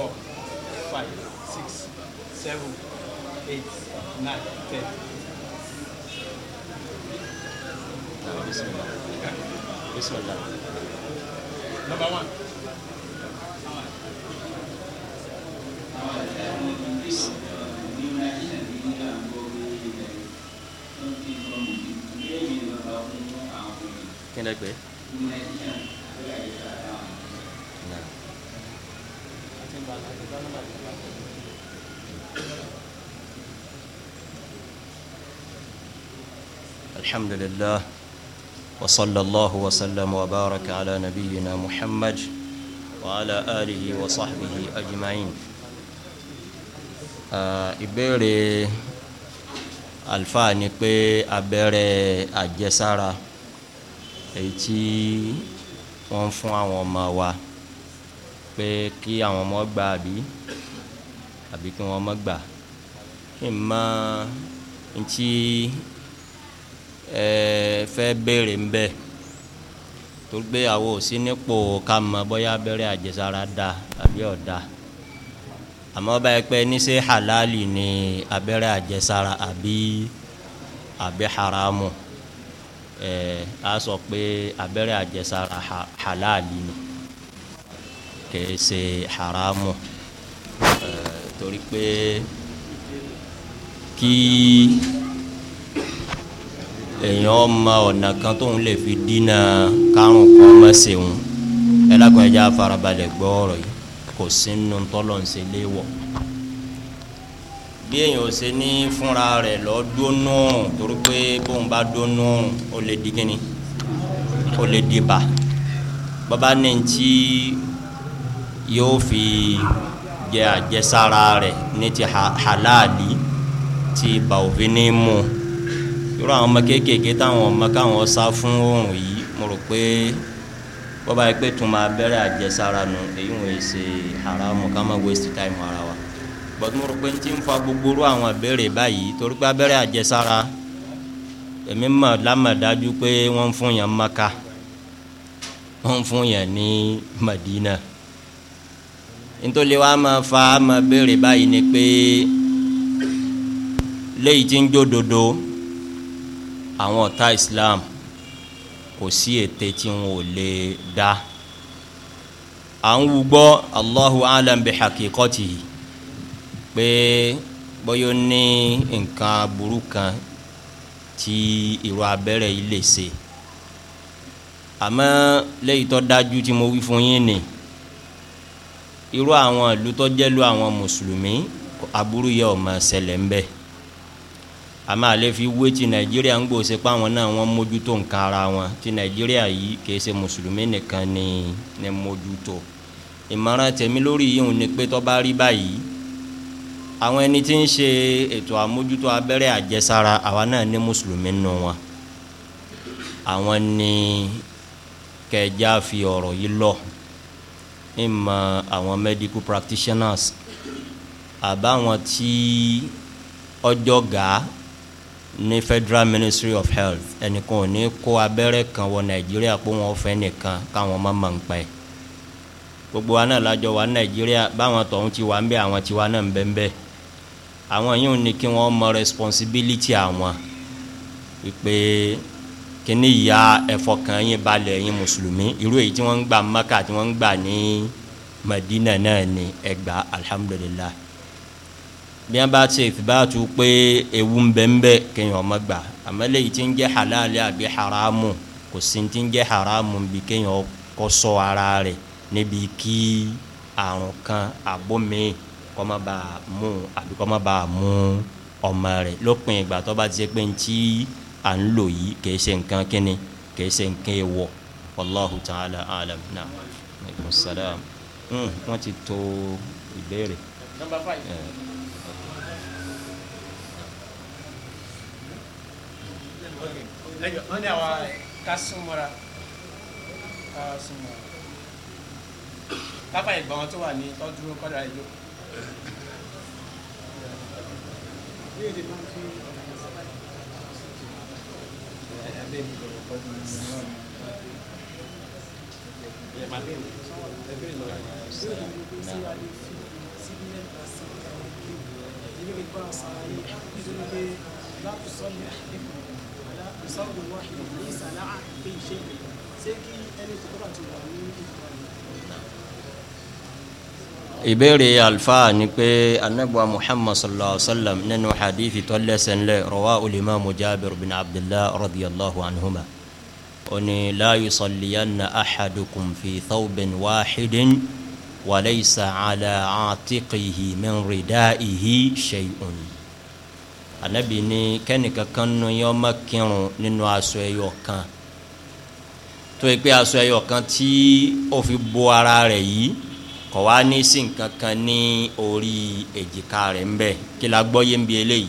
four five six seven eight nine ten. Number one. Can I play? الحمد لله وصلى الله وسلم وبارك على نبينا محمد وعلى آله وصحبه أجمعين ìbéèrè alfa ni pé abẹ́rẹ́ àjẹsára èyí tí wọ́n ń fún àwọn ọmọ wa pé kí àwọn ọmọ gbà àbí àbí kí wọ́n má gbà kí n mọ ntí ẹ fẹ́ béèrè ń bẹ torí pé àwọn ò sí nípò ká mọ̀ bóyá abẹ́rẹ́ àjẹsára da àbí ọ̀dà àmọ́ báyìí pé níṣẹ́ halali ni abẹ́rẹ́ àjẹsára àbí àbí haramu ẹ a sọ pé abẹ́rẹ́ àjẹsára halali ni kìí ṣe haramu ẹ torí pé kí. èèyàn ọmọ ọ̀nà kan tóun lè fi dínà kárùn kan mọ́ sẹ́wọ̀n ẹ lákùn ẹja farabalẹ̀ gbọ́ ọ̀rọ̀ yìí kò sínú tọ́lọ̀ ń ṣe léwọ̀ bí èèyàn ò ṣe ní fúnra rẹ̀ lọ dónú torí pé bóun bá dónú ó lè di kíni ó lè di bà bàbá ní ti yóò fi jẹ àjẹsára rẹ̀ ní ti halali ti bàwòfin ní mú un irú àwọn ọmọ kéékèèké táwọn ọmọ káwọn sá fún oòrùn yìí mo rò pé bọ́ba yìí pé tún máa bẹ̀rẹ̀ àjẹsára nu èyí wọ́n ṣe haramu ká má waste time ara wa bọ́tú mo rò pé ti ń fa gbogbo irú àwọn ìbéèrè báyìí torí pé abẹ́rẹ́ àjẹsára èmi mọ̀ lámọ̀dájú pé wọ́n ń fún yàn maka wọ́n ń fún yàn ní madina nítorí wàá máa fa máa béèrè báyìí ni pé léyìí ti ń jó dodo àwọn ọ̀tá islam kò sí ète tí wọn ò lè dá à ń wugbọ́ allahu alam bi hakikọ́tì pé bóyá ní nǹkan burú kan tí irú abẹ́rẹ́ yìí lè ṣe àmọ́ léyìí tó dájú tí mo wí fún yín ni irú àwọn ìlú tó jẹ́ lu àwọn mùsùlùmí aburú yẹ ọ̀ ṣẹlẹ̀ ń bẹ́ẹ̀ àmọ́ àlẹ́ fi wé ti nàìjíríà ń gbòòsè pa àwọn náà wọ́n mójútó nǹkan ara wọn ti nàìjíríà yìí kì í ṣe mùsùlùmí nìkan ni ni mójútó ìmọ̀ràn tèmi lórí yìí ni pé tó bá rí báyìí àwọn ẹni tí ń ṣe ètò àmójútó abẹ́rẹ́ àjẹsára àwa náà ní mùsùlùmí nù wọn àwọn ni kẹjá fi ọ̀rọ̀ yìí lọ ìmọ̀ àwọn medical practitioners àbáwọn tí ọjọ́ gàá ní federal ministry of health ẹnìkan ò ní kó abẹ́rẹ́ kan wọ nàìjíríà pé wọ́n fẹ́ nìkan káwọn má mọ̀ ń pa ẹ̀ gbogbo wa náà lájọ wa nàìjíríà báwọn tọ̀hún ti wà ń bẹ àwọn tiwa náà ń bẹ ń bẹ àwọn yìí ní kí wọ́n mọ responsibility àwọn ìpè kíní ya ẹ̀fọ́ kan yín balẹ̀ yín mùsùlùmí irú èyí tí wọ́n ń gbà mọ́kà tí wọ́n ń gbà ní madina náà ni ẹgbàá alihamudulilayi. bí wọn bá ṣe ìfibátu pé ewu ń bẹ gbà àmọ́ léyìí nje ń jẹ́ halali àbí haramu kò sí ti ń jẹ́ haramu bí kéèyàn kọ́ sọ ara rẹ̀ níbi kí àrùn kan àbómi kọ́ má bàa mú àbí kọ́ mú ọmọ rẹ̀ lópin ìgbà tó bá ti ṣe pé ntí ta'ala alam na ẹjọ wọn ní àwọn kásùmọra kásùmọra pápá ìgbà wọn tó wà ní tọdúró kọdà ìjó. Ìdílé ìgbà ọ̀sán ayé, ìdílé ìgbà ọ̀sán ayé, láti sọ́yìn sọ́ọ̀bù wá ní ìsàlá àti ìṣe ṣé kí ẹni tó bá ti wà ní ìkọlù. ìbéèrè alfa ni pé anagba muhammad sallallahu alaihi wa sallam nínú hadithi tó lẹ́sẹ̀nlẹ̀ rọwá olùmọ̀ mujabir bin abdullah radiyallahu anhuma oni láàyè sọ̀lìyànna axadukun fi thawbin waaxidin walaysa cala caatiqihi min ridaa'ihi shay'un anabi ní kẹ́nìkan kan nù yín ọmọ kírun nínú aṣọ ẹyọ kan tó yẹ pé aṣọ ẹyọ kan tí ó fi bo ara rẹ̀ yìí kọ̀ wá ní sí nǹkan ní orí èjìká rẹ̀ ń bẹ̀ kí la gbọ́ yé ń bi eléyìí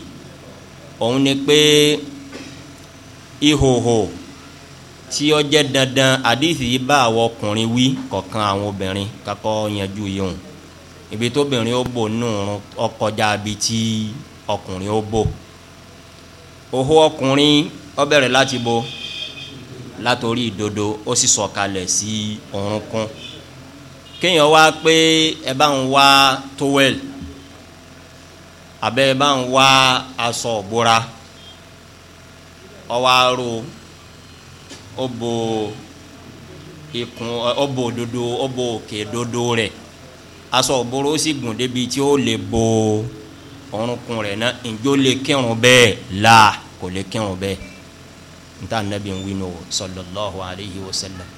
òun ni pé ihòhò tí ó jẹ́ dandan àdìsí yìí bá àwọn ọkùnrin wí kọ̀ọ̀kan àwọn obìnrin kakọ́ yanjú yìí hùn ibi tóbìnrin ó bò nù ọkọjá ibi tí ọkùnrin ó bò. Oho ọkùnrin ó lati láti bo látòrí ìdodo ó sì sọ̀kalẹ̀ sí orúnkún kéèyàn wá pé ẹ bá ń wá towel abẹ́ ẹ bá ń wá aṣọ òbora ọwọ́ aró ó bo ikùn ó bo òdodo ó bo òkè dodo rẹ̀ aṣọ òbora ó sì gùn débi tí ó bo rẹ̀ náà lè kírun bẹ́ẹ̀ láà. kò lè kírun bẹ́ẹ̀ níta anabi ń wí sallallahu alayhi wa sallam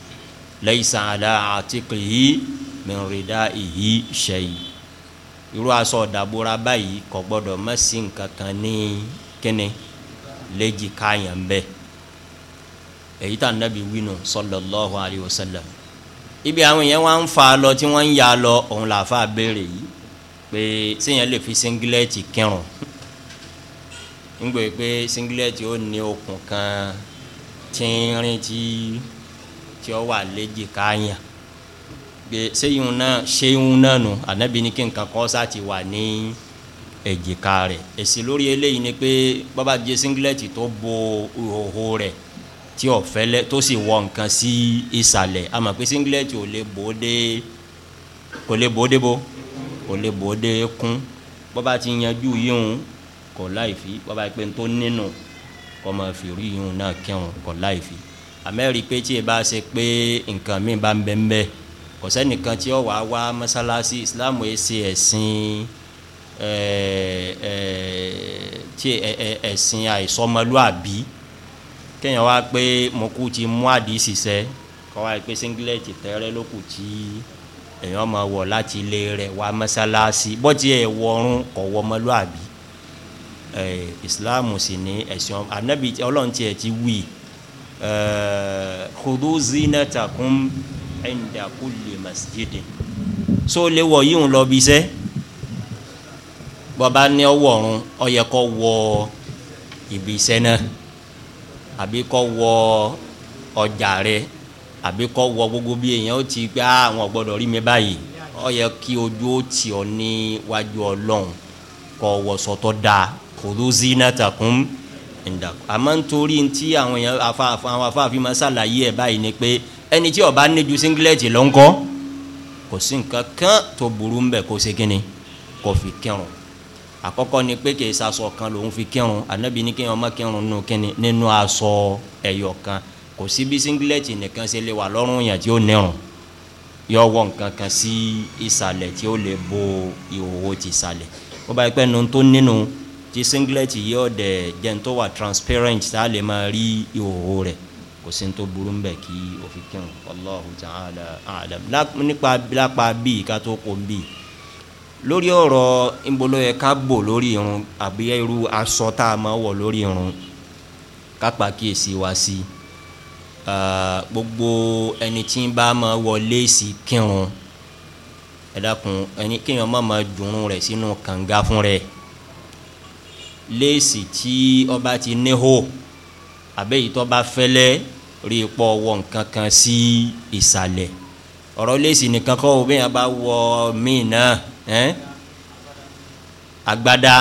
laysa ala atiqihi min ridaihi shay irú aṣọ ọ̀dàbúra báyìí kò gbọ́dọ̀ má sí nǹkan kan ní kíni léjì káyàn bẹ́ẹ̀ èyí tá anabi wí sallallahu alayhi wa sallam ibi àwọn yẹn wọn ń fa lọ tí wọn ń ya lọ òun làfa béèrè yìí pé séèyàn lè fi singilẹ́ẹ̀tì kírun nígbà pé singlet ó ní okùn kan tínrín tí tí ó wà léjì káyàn gbé sẹ́yìn náà ṣéyìn náà nù ànábi ní kí nǹkan kan sá ti wà ní èjìká rẹ̀ èsì lórí eléyìí ni pé bàbá jẹ singlet tó bo ìhòhò rẹ̀ tí ó fẹ́lẹ́ tó sì wọ nǹkan sí ìsàlẹ̀ àmọ́ pé singlet ò lè bò ó dé kò lè bò ó dé bò kò lè bò ó dé kún bàbá ti yanjú yíhun kọ láìfi bàbá yìí pé tó nínú kọmọ fìrí yìí náà kẹrùn kọ láìfi àmẹ́rì pé tí ẹ bá ṣe pé nǹkan mi bá ń bẹ́ ń bẹ́ kò sẹ́nìkan tí ó wàá wá mọ́sálásí islam ẹ̀ ṣe ẹ̀sìn tí ẹ̀sìn àìsọmọlúàbí kéèyàn wá pé mo kú ti mú àdìsí sẹ́ kọ́ wá pé singlet tẹ́rẹ́ ló kù tí èèyàn máa wọ̀ láti ilé rẹ̀ wá mọ́sálásí bó ẹ̀ wọ̀ọ́rùn kọ̀ wọ́ ọmọlúàbí ìsìláàmù eh, sì ní ẹ̀sìn anábì ọlọ́run tiẹ̀ ti wí eh, kudu zinatakum inda kulli masjidin so lè wọ yìí ń lọ bí sẹ́ bọ́ba ní ọwọ́ ọ̀run ọyẹ kọ́ wọ ibi iṣẹ́ náà àbí kọ́ wọ ọjà rẹ àbí kọ́ wọ gbogbo bí èèyàn ó ti gbá ah, àwọn ọ̀gbọ́dọ̀ rí mi báyìí ọyẹ kí ojú ó tì ọ níwájú ọlọ́run kọ́ wọ sọtọ́ dáa khudhu zinatakum ẹ̀ńdà àmọ́ nítorí tí àwọn èèyàn afáàfin àwọn afáàfin máa ṣàlàyé ẹ̀ báyìí ni pé ẹni tí ó bá ní ju singilẹ́tì lọ ń kọ́ kò sí nǹkan kan tó burú ń bẹ̀ kó ṣe kínni kó fi kírun àkọ́kọ́ ni pé kì í sasọ kan lòun fi kírun ànábi ní kéèyàn má kírun nínú kínni nínú aṣọ ẹ̀yọ kan kò sí bí singilẹ́tì nìkan ṣe lè wà lọ́rùn yàn tí ó nírun yọ wọ nǹkan kan sí ìsàlẹ̀ tí ó lè bo ìhòòhò ti ìsàlẹ̀ ó bá pé nu tó nínú tí singlet yìí ọ̀dẹ̀ jẹ́ ń tó wà transparent tá a lè máa rí ìhòòhò rẹ̀ kò sí tó burú ń bẹ̀ kí òfin kírun Allahu ta'ala Adam nípa lápá bíi ká tó kó bíi lórí ọ̀rọ̀ ìbolo yẹ ká bò lórí irun àbí irú aṣọ tá a máa wọ̀ lórí irun ká pàkíyèsí wá sí gbogbo ẹni tí ń bá máa wọ léèsì kírun ẹ dákun ẹni kéèyàn má máa dùnrún rẹ̀ sínú kànga fún rẹ̀ léèsì tí ọba ti níhò àbẹ́yìí tó bá fẹ́lẹ́ rí i pọ̀ wọ nǹkan kan sí ìsàlẹ̀ ọ̀rọ̀ léèsì nìkan kọ́ òbí yẹn bá wọ míì náà agbada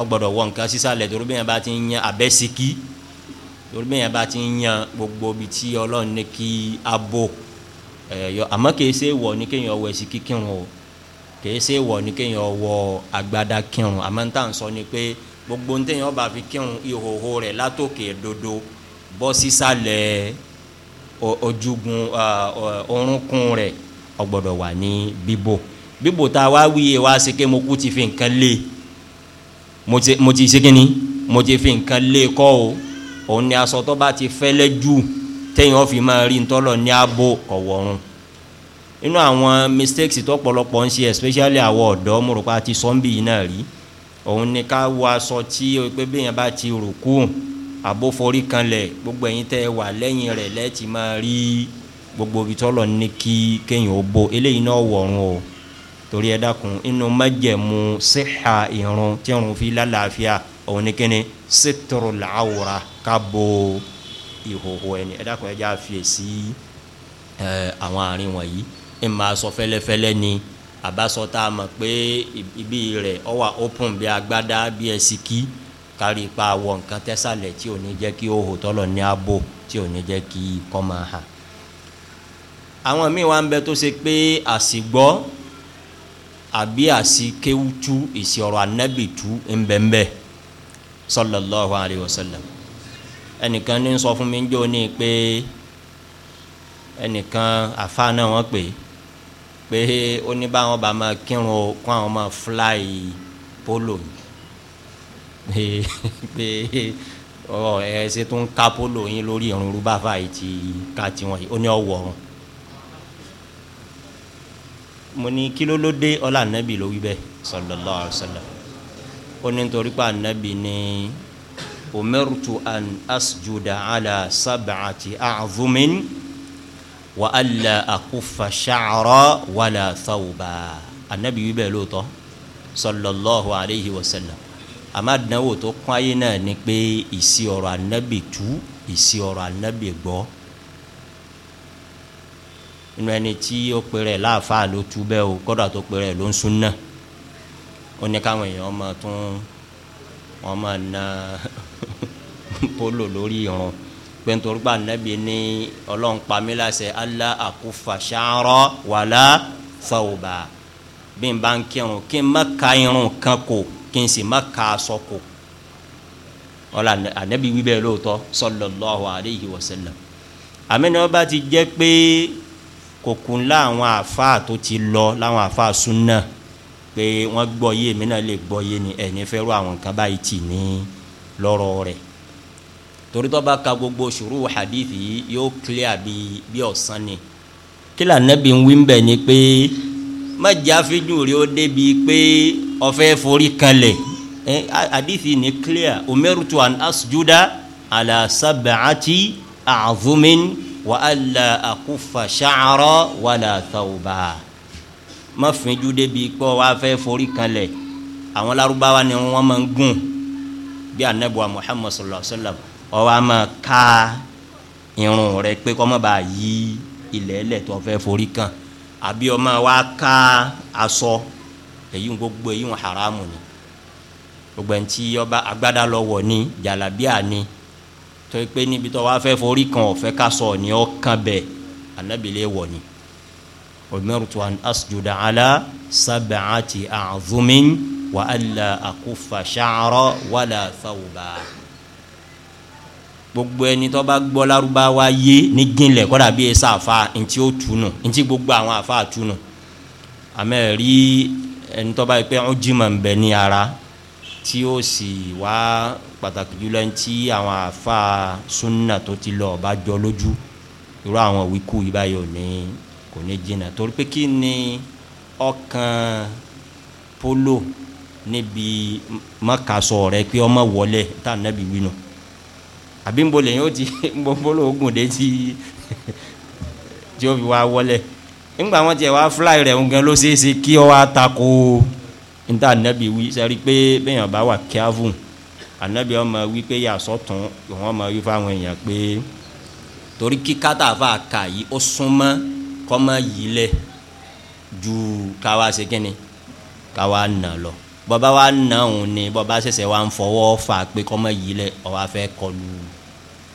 ọgbọ́dọ̀ wọ nǹkan sísàlẹ̀ torí bí yẹn bá ti ń yan abẹ́síkí torí bí yẹn bá ti ń yan gbogbo ibi tí ọlọ́run ní kí a bò ẹ̀yọ kìí ṣe wọ̀ ní kéèyàn wọ ẹ̀sìn kíkírun o kìí ṣe wọ̀ ní kéèyàn wọ agbada kírun àmọ́ ń tà ń sọ ni pé gbogbo ń tẹ̀yìn ọba fi kírun ìhòhò rẹ̀ látòkè dodo bọ́ sísàlẹ̀ ojúgun orúnkún rẹ̀ ọgbọ́dọ̀ wà ní bíbò bíbò tá a wá wíyé wá sí ké mo kú ti fi nǹkan lé mo ti ṣe kíni mo ti fi nǹkan lé kọ́ o òun ni aṣọ tó bá ti fẹ́lẹ́ jù tẹ̀yìn ọ̀fi máa rí ntọ́lọ̀ ní abo ọ̀wọ́run inú àwọn mistakes tó ń ṣe especially àwọn ọ̀dọ́ mo rò pé a ti sọ́ńbì yìí náà rí òun ni ká wọ aṣọ tí o pé bẹ́ẹ̀ bá ti rò kú àbóforí kanlẹ̀ gbogbo ẹ̀yin tẹ́ wà lẹ́yìn rẹ̀ lẹ́ẹ̀tì máa rí gbogbo ibi tọ́lọ̀ ní kí kéèyàn ó bo eléyìí náà wọ̀run o torí ẹ dákun inú májẹ̀mú síhà ìrun tí ìrun fi lálàáfíà òun ni kíni sítòrò làwòrà ká bo ìhòhò ẹni ẹ dákun ẹ já fiyèsí àwọn àárín wọ̀nyí ẹ máa sọ fẹ́lẹ́fẹ́lẹ́ ni àbáṣọ tá a mọ̀ pé ibi rẹ̀ ọ open bí agbádá bí ẹsìkí kárí ipa wọ nǹkan tẹ́sàlẹ̀ tí ò ní jẹ́ kí ó hò tọ́lọ̀ ní abo tí ò ní jẹ́ kí kọ́ hàn. àwọn míì wá ń bẹ tó ṣe pé àsìgbọ́ àbí àsìkéwútú ìsìọ̀rọ̀ anábìtú ń bẹ sallallahu alayhi wa sallam ẹnìkan ní sọ fún mi ń jó ní pé ẹnìkan àfa náà wọ́n pè é pé ó ní báwọn bá máa kírun o kó àwọn máa fly polo ni pé ọ ẹ ṣe tó ń ka polo yín lórí irun rúbáfà yìí ti ka tiwọn yìí ó ní ọwọ́ ọ̀run mo ní kí ló ló dé ọlá anabi ló wí bẹ́ẹ̀ sallallahu alaihi ó ní nítorí pé anabi ní umirtu an asjuda ala sab'ati a'zumin wa ala akufa ṣaara wala thawba anabi wíbẹ lóòótọ́ sallallahu alayhi wa sallam amadanawo tó kún ayé náà ni pé ìsì ọ̀rọ̀ anabi tú ìsì ọ̀rọ̀ anabi gbọ́ inú ẹni tí ó pèrè láàfáà ló tú bẹ́ẹ̀ o kọ́dà tó pèrè ló ń sún náà ó ní káwọn èèyàn máa tún wọn máa na polo lórí irun pé nítorí pé anabi ní ọlọ́run pa mí láṣẹ allah akufa ṣaarọ wàlá fawba bí n bá ń kírun kí n má ka irun kan kò kí n sì má ka aṣọ kò ọlọ anabi wí bẹ́ẹ̀ lóòótọ́ sallallahu alayhi wa sallam àmínú ọba ti jẹ́ pé kòkun láwọn àáfàá tó ti lọ láwọn àáfàá súnà pé wọ́n gbọ́ yé mi náà lè gbọ́ yé ni ẹ̀ ní fẹ́ rú àwọn nǹkan báyìí tì ní lọ́rọ̀ rẹ̀ torí tó bá ka gbogbo ṣùrù hadith yìí yóò clear bí bí ọ̀sán ni kílà nẹ́bí ń wí ń bẹ̀ ni pé má jẹ́ àfijù rí ó débi pé ọ̀fẹ́ forí kanlẹ̀ hadith yìí ni clear umirtu an asjuda ala sab'ati a'zumin wa alla akufa sha'ra wala thawba má fínjú débi pé ọ fẹ́ forí kanlẹ̀ àwọn Lárúbáwá ni wọ́n máa ń gùn bí anabuwa Muhammad sallallahu alaihi wa sallam ọwọ́ a máa ka irun rẹ pé kọ́ mọ́ bá yí ilẹ̀ ẹlẹ̀ tó fẹ́ forí kan àbí ọmọ wa ka aṣọ èyí gbogbo èyí wọn haramu ni gbogbo ẹni tí ọba agbada lọ wọ̀ ni jàlábíà ni tó pé níbi tó wá fẹ́ forí kan ọ̀fẹ́ ká sọ ni ọ́ kan bẹ̀ anábìlẹ̀ wọ̀ ni umirtu an asjuda ala sab'ati a'zumin wa alla akufa sha'ra wala thawba gbogbo ẹni tó bá gbọ́ lárúbáwá yé ní gínlẹ̀ kọ́dà bí ẹsẹ̀ àfa ntí ó tu nù ntí gbogbo àwọn àfa tu nù àmẹ́ rí ẹni tó bá yẹ pé ó jìmọ̀ ń bẹ ní ara tí ó sì wá pàtàkì jùlọ ntí àwọn àfa súnà tó ti lọ ọba jọ lójú irú àwọn wíkú yìí báyìí ò ní kò ní jìnnà torí pé kí ni ọkàn polo níbi mọ́kàsọ̀ rẹ pé ọmọ wọlé tá a nàbí wí nù. No àbí ń bo lèyìn ó ti ń bo bolo oògùn dé tí tí ó fi wá wọlé ńgbà wọn tiẹ̀ wá fúláì rẹ̀ ńgẹ ló ṣeé ṣe kí ọ wá tako níta ànábì wí sẹ́rí pé bẹ́yàn bá wà kíávùn ànábì ọmọ wí pé yàsọ́ tún ìwọ́n ọmọ wí fáwọn èèyàn pé torí kí kátàfà kà yìí ó súnmọ́ kọ́mọ yìí lẹ̀ ju káwa ṣe kínni káwa nà lọ bọ́ba wa nà òun ni bọ́ba ṣẹ̀ṣẹ̀ wa ń fọwọ́ fà pé kọ́mọ yìí lẹ̀ ọ wá fẹ́ kọlu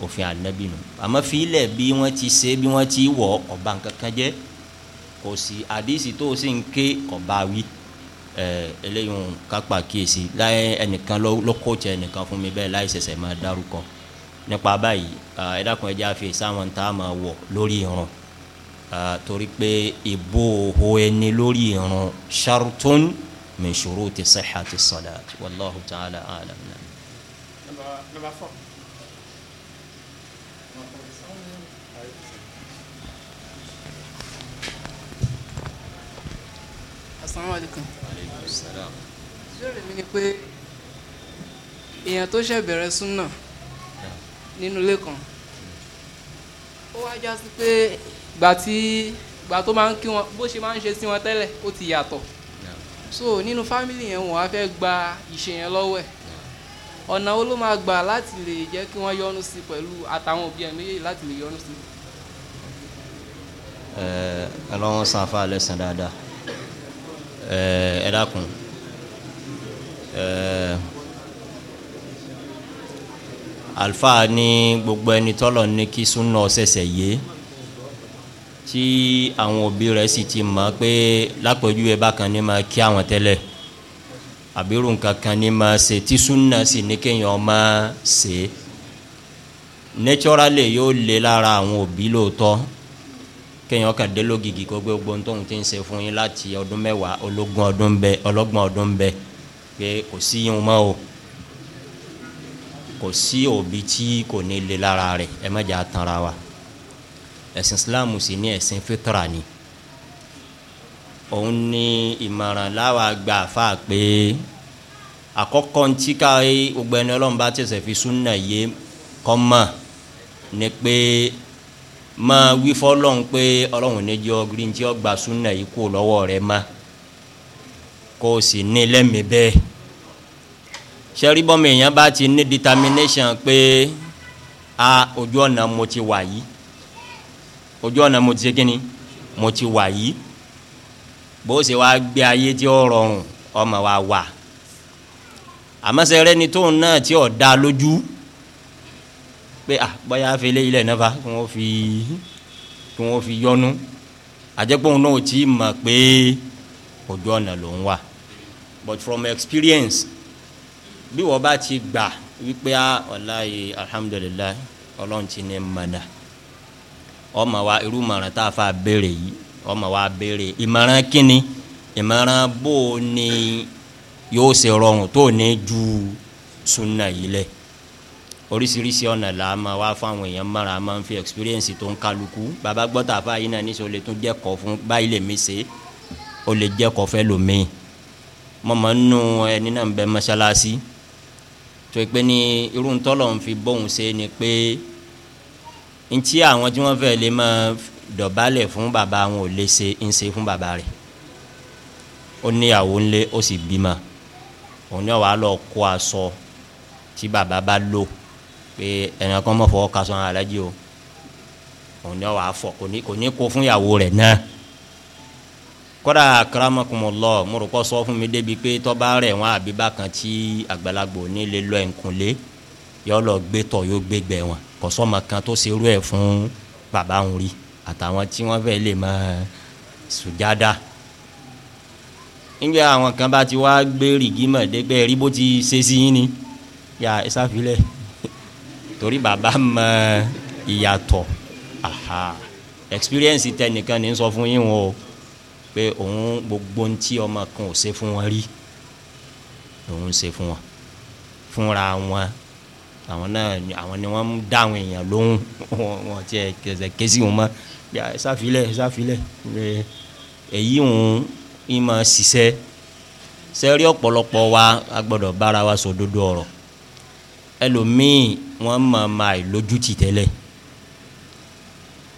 òfin ànábì nù àmọ́ fílẹ̀ bí wọ́n ti ṣe bí wọ́n ti wọ̀ ọba nkankan jẹ́ kò sí àdìsí tó o sì ń ké ọba wí ẹ eléyìí ń kápá kíyèsí láyé ẹnìkan lọ́kọ̀ọ̀tì ẹnìkan fún mi bẹ́ẹ̀ láì ṣẹ̀ṣẹ̀ máa dárúkọ nípa báyìí ẹ dákun àfi sáwọn tá a máa wọ̀ lórí irun torí pé ìbò òhò ẹni lórí irun sharutun min shuruti sihhati salat wallahu ta'ala alam. number number four. Assalamualaikum. Alaikum salam. ìbéèrè mi ni pé èèyàn tó ṣẹ̀ bẹ̀rẹ̀ súnà nínú ilé kan ó wá já sí pé ìgbà tí ìgbà tó máa ń kí wọn bó ṣe máa ń ṣe sí wọn tẹ́lẹ̀ ó ti yàtọ̀ so nínú fámìlì yẹn wọn á fẹ́ gba ìṣe yẹn lọ́wọ́ ẹ̀ ọ̀nà wo ló máa gbà láti lè jẹ́ kí wọ́n yọ́nú sí pẹ̀lú àtàwọn òbí ẹ̀ méjèèjì láti lè yọ́nú sí. ẹ ẹ lọ́wọ́ sanfa lẹ́sìn dáadáa ẹ dákun alfa ní gbogbo ẹni tọ́lọ̀ ní kí súnà ṣẹ̀ṣẹ̀ yé tí àwọn òbí rẹ̀ sì ti mọ̀ pé lápẹ̀jú ẹ bákan ní máa kí àwọn tẹ́lẹ̀ àbírù nǹkan ní máa ṣe tí súnà sì ní kéèyàn máa ṣe naturally yóò lé lára àwọn òbí lóòótọ́ kéèyàn kàn dé lógìgì kó gbé gbogbo tóun ti ń ṣe fún yín láti ọdún mẹ́wàá ológun ọdún bẹ ọlọ́gbọ̀n ọdún bẹ pé kò sí yín mọ́ o kò sí òbí tí kò ní le lára rẹ̀ ẹ má jà tanra wa ẹ̀sìn islam sì ní ẹ̀sìn fitra ni òun ní ìmọ̀ràn láwa gba àfa pé àkọ́kọ́ ntí ká gbogbo ẹni ọlọ́run bá tẹ̀sẹ̀ fi súnà yé kọ́ mọ̀ ni pé ma wí fọlọ́n pé ọlọ́run ní jọ green tí ó gba súnà yìí kó lọ́wọ́ rẹ ma kó o sì ní lẹ́mìí bẹ́ẹ̀ sẹ́ríbọ́mọ èèyàn bá ti ní determination pé a ojú ọ̀nà mo ti wà yìí ojú ọ̀nà mo ti ṣe ni mo ti wà yìí bó ṣe wá gbé ayé tí ó rọrùn ọmọ wa wà àmọ́ sẹ́rẹ́ni tóun náà tí ò dá lójú pé à ah, bóyá afẹlẹ ilẹ̀ náà fa kí wọ́n fi kí wọ́n fi yọnu àjẹpọ̀n náà ti mọ̀ pé ojú ọ̀nà ló ń wà but from experience bí wọ́n bá ti gbà wípé a ah, ọláyé alhamdulilayi ọlọ́run ti ní mọ̀nà ọmọ wa irú mọ̀ràn tá a fa béèrè yìí ọmọ wa béèrè ìmọ̀ràn kínni ìmọ̀ràn bó o ní yóò ṣe rọrùn tó o ní ju sunna yìí lẹ̀ oríṣiríṣi ọ̀nà là máa wá fáwọn èèyàn mọ́ra a máa ń fi experience tó ń kálukú bàbá gbọ́dọ̀ àfa yìí náà níṣẹ́ o lè tún jẹ́kọ̀ fún báyìí lè mí ṣe o lè jẹ́kọ̀ fẹ́ lòmíì mọ̀mọ́ nù ẹni náà ń bẹ mọ́ṣáláṣí tó pé ní irú ntọ́lọ̀ ń fi bóun ṣe ni pé ntí àwọn tí wọ́n fẹ́ lè máa dọ̀bálẹ̀ fún bàbá wọn ò lè ṣe ń ṣe fún bàbá rẹ̀ ó níyàwó ńlé ó sì bímọ òun náà wàá lọ kó aṣọ tí bàbá bá lò pé ẹnì kan mọ̀ fọwọ́ kasọ̀ alájí o òun ni wàá fọ kò ní kò ní kó fún ìyàwó rẹ̀ náà kódà karamakumọlọ mo rò kó sọ fún mi débi pé tọ́ba rẹ̀ wọn àbí bákan tí àgbàlagbò ní lè lọ ẹ̀ǹkùnlé yọ lọ gbé tọ̀ yóò gbé gbẹ̀ wọn kò sọ́mọ kan tó ṣerú ẹ̀ fún bàbá òun rí àtàwọn tí wọ́n fẹ́ lè máa sùjádà nígbà àwọn kan bá ti wá gbé rìgímọ̀ dẹ́gbẹ́ rí bó ti ṣe sí yín ni yà ẹ sáfilẹ̀ torí bàbá mọ ìyàtọ̀ aha experience tẹnìkan ní sọ fún yín o pé òun gbogbo ń tí ọmọ kan ò ṣe fún wọn rí òun ṣe fún wọn fúnra wọn àwọn náà àwọn ni wọn dá àwọn èèyàn lóhùn wọn ti kẹsẹ kẹsì wọn mọ ṣàfilẹ ṣàfilẹ èyí òun ìmọ̀ ṣiṣẹ́ sẹ́rí ọ̀pọ̀lọpọ̀ wa a gbọ́dọ̀ bára wa sọ dodo ọ̀rọ̀ ẹlòmíì wọ́n máa ma ìlójútì tẹ́lẹ̀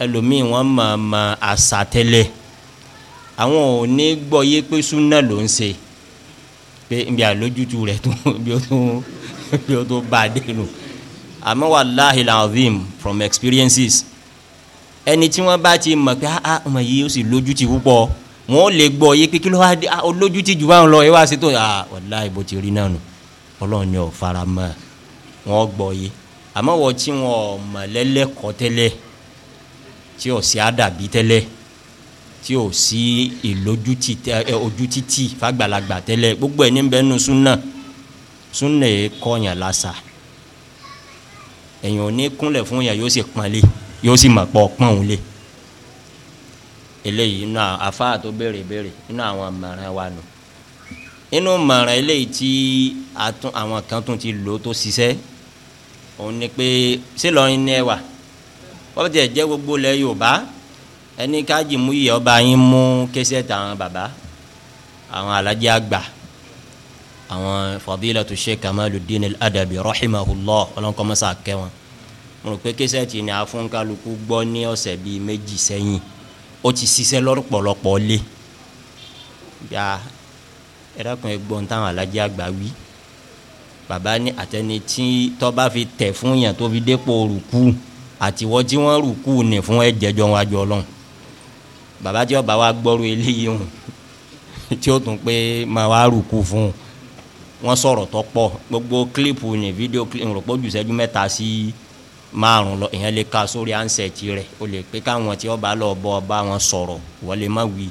ẹlòmíì wọ́n máa ma àṣà tẹ́lẹ̀ àwọn ò ní gbọ́ yé pé súnà ló ń ṣe pé ibi àlójútù rẹ̀ tó bí ó tó bí ó tó bá a dé lò àmọ́ wàláhi làzim from experiences ẹni tí wọ́n bá ti mọ̀ pé ah ọmọ yìí ó sì lójútì púpọ̀ wọn ò lè gbọ́ yé pé kí ló wá dé ah olójútì jù báwọn lọ ẹ wá sí tó ah wàláhi bó ti rí náà nù ọlọ́run ni ò fara mọ́ wọn gbọ́ yé àmọ́ wọ́n tí wọ́n mọ̀lẹ́lẹ́ kọ́ tẹ́lẹ̀ tí ò sí àdàbí tẹ́lẹ̀ tí ò sí ìlójútì ojútìtì fàgbàlagbà tẹ́lẹ̀ gbogbo ẹ̀ ní bẹ́ẹ̀ nu súnà súnà yìí kọ́yàn lásà èyàn ò ní kúnlẹ̀ fún yàn yóò sì pọ́nlé yóò sì mọ̀ pọ̀ pọ́n òun lé eléyìí inú àfáà tó béèrè béèrè inú àwọn mọ̀ràn wa nù inú mọ̀ràn eléyìí tí àwọn kan tún ti lò tó ṣiṣẹ́ òun ni pé ṣé lọrin ni ẹ wà wọ́n ti ẹ̀ jẹ́ gbogbo lẹ yorùbá ẹni káàjì mú yìí ọba yín mú kẹsẹ̀ tàwọn bàbá àwọn alájẹ àgbà àwọn fadilatu sheikh kamaluddin al-adabi rahimahullah ọlọ́nkọ́mọ́sá kẹwọn mo rò pé kẹsẹ̀ tì ní afúnkálukú gbọ́ ní ọ̀sẹ̀ bíi méjì sẹ́yìn ó ti ṣiṣẹ́ lọ́pọ̀lọpọ̀ lé gba ẹ̀rọ kan ẹgbọ́n táwọn alájẹ àgbà wí bàbá ní àtẹni tí tọ́ba fi tẹ̀ fún yàn tó fi dépò rùkú àtiwọ́ tí wọ́n rùkú ní fún ẹ̀jẹ̀jọ́ wọn àjọ ọlọ́run bàbá tí ọba wa gbọ́rú eléyìí hùn tí ó tún pé máa wá rùkú fún wọn sọ̀rọ̀ tó pọ̀ gbogbo kílípù ní fídíò kílípù rò pé jùsẹ́jú mẹ́ta sí márùn lọ èèyàn lè ka sórí ansẹ̀tì rẹ̀ o lè pé káwọn tí ọba lọ bọ ọba wọn sọ̀rọ̀ wọ́n lè má wí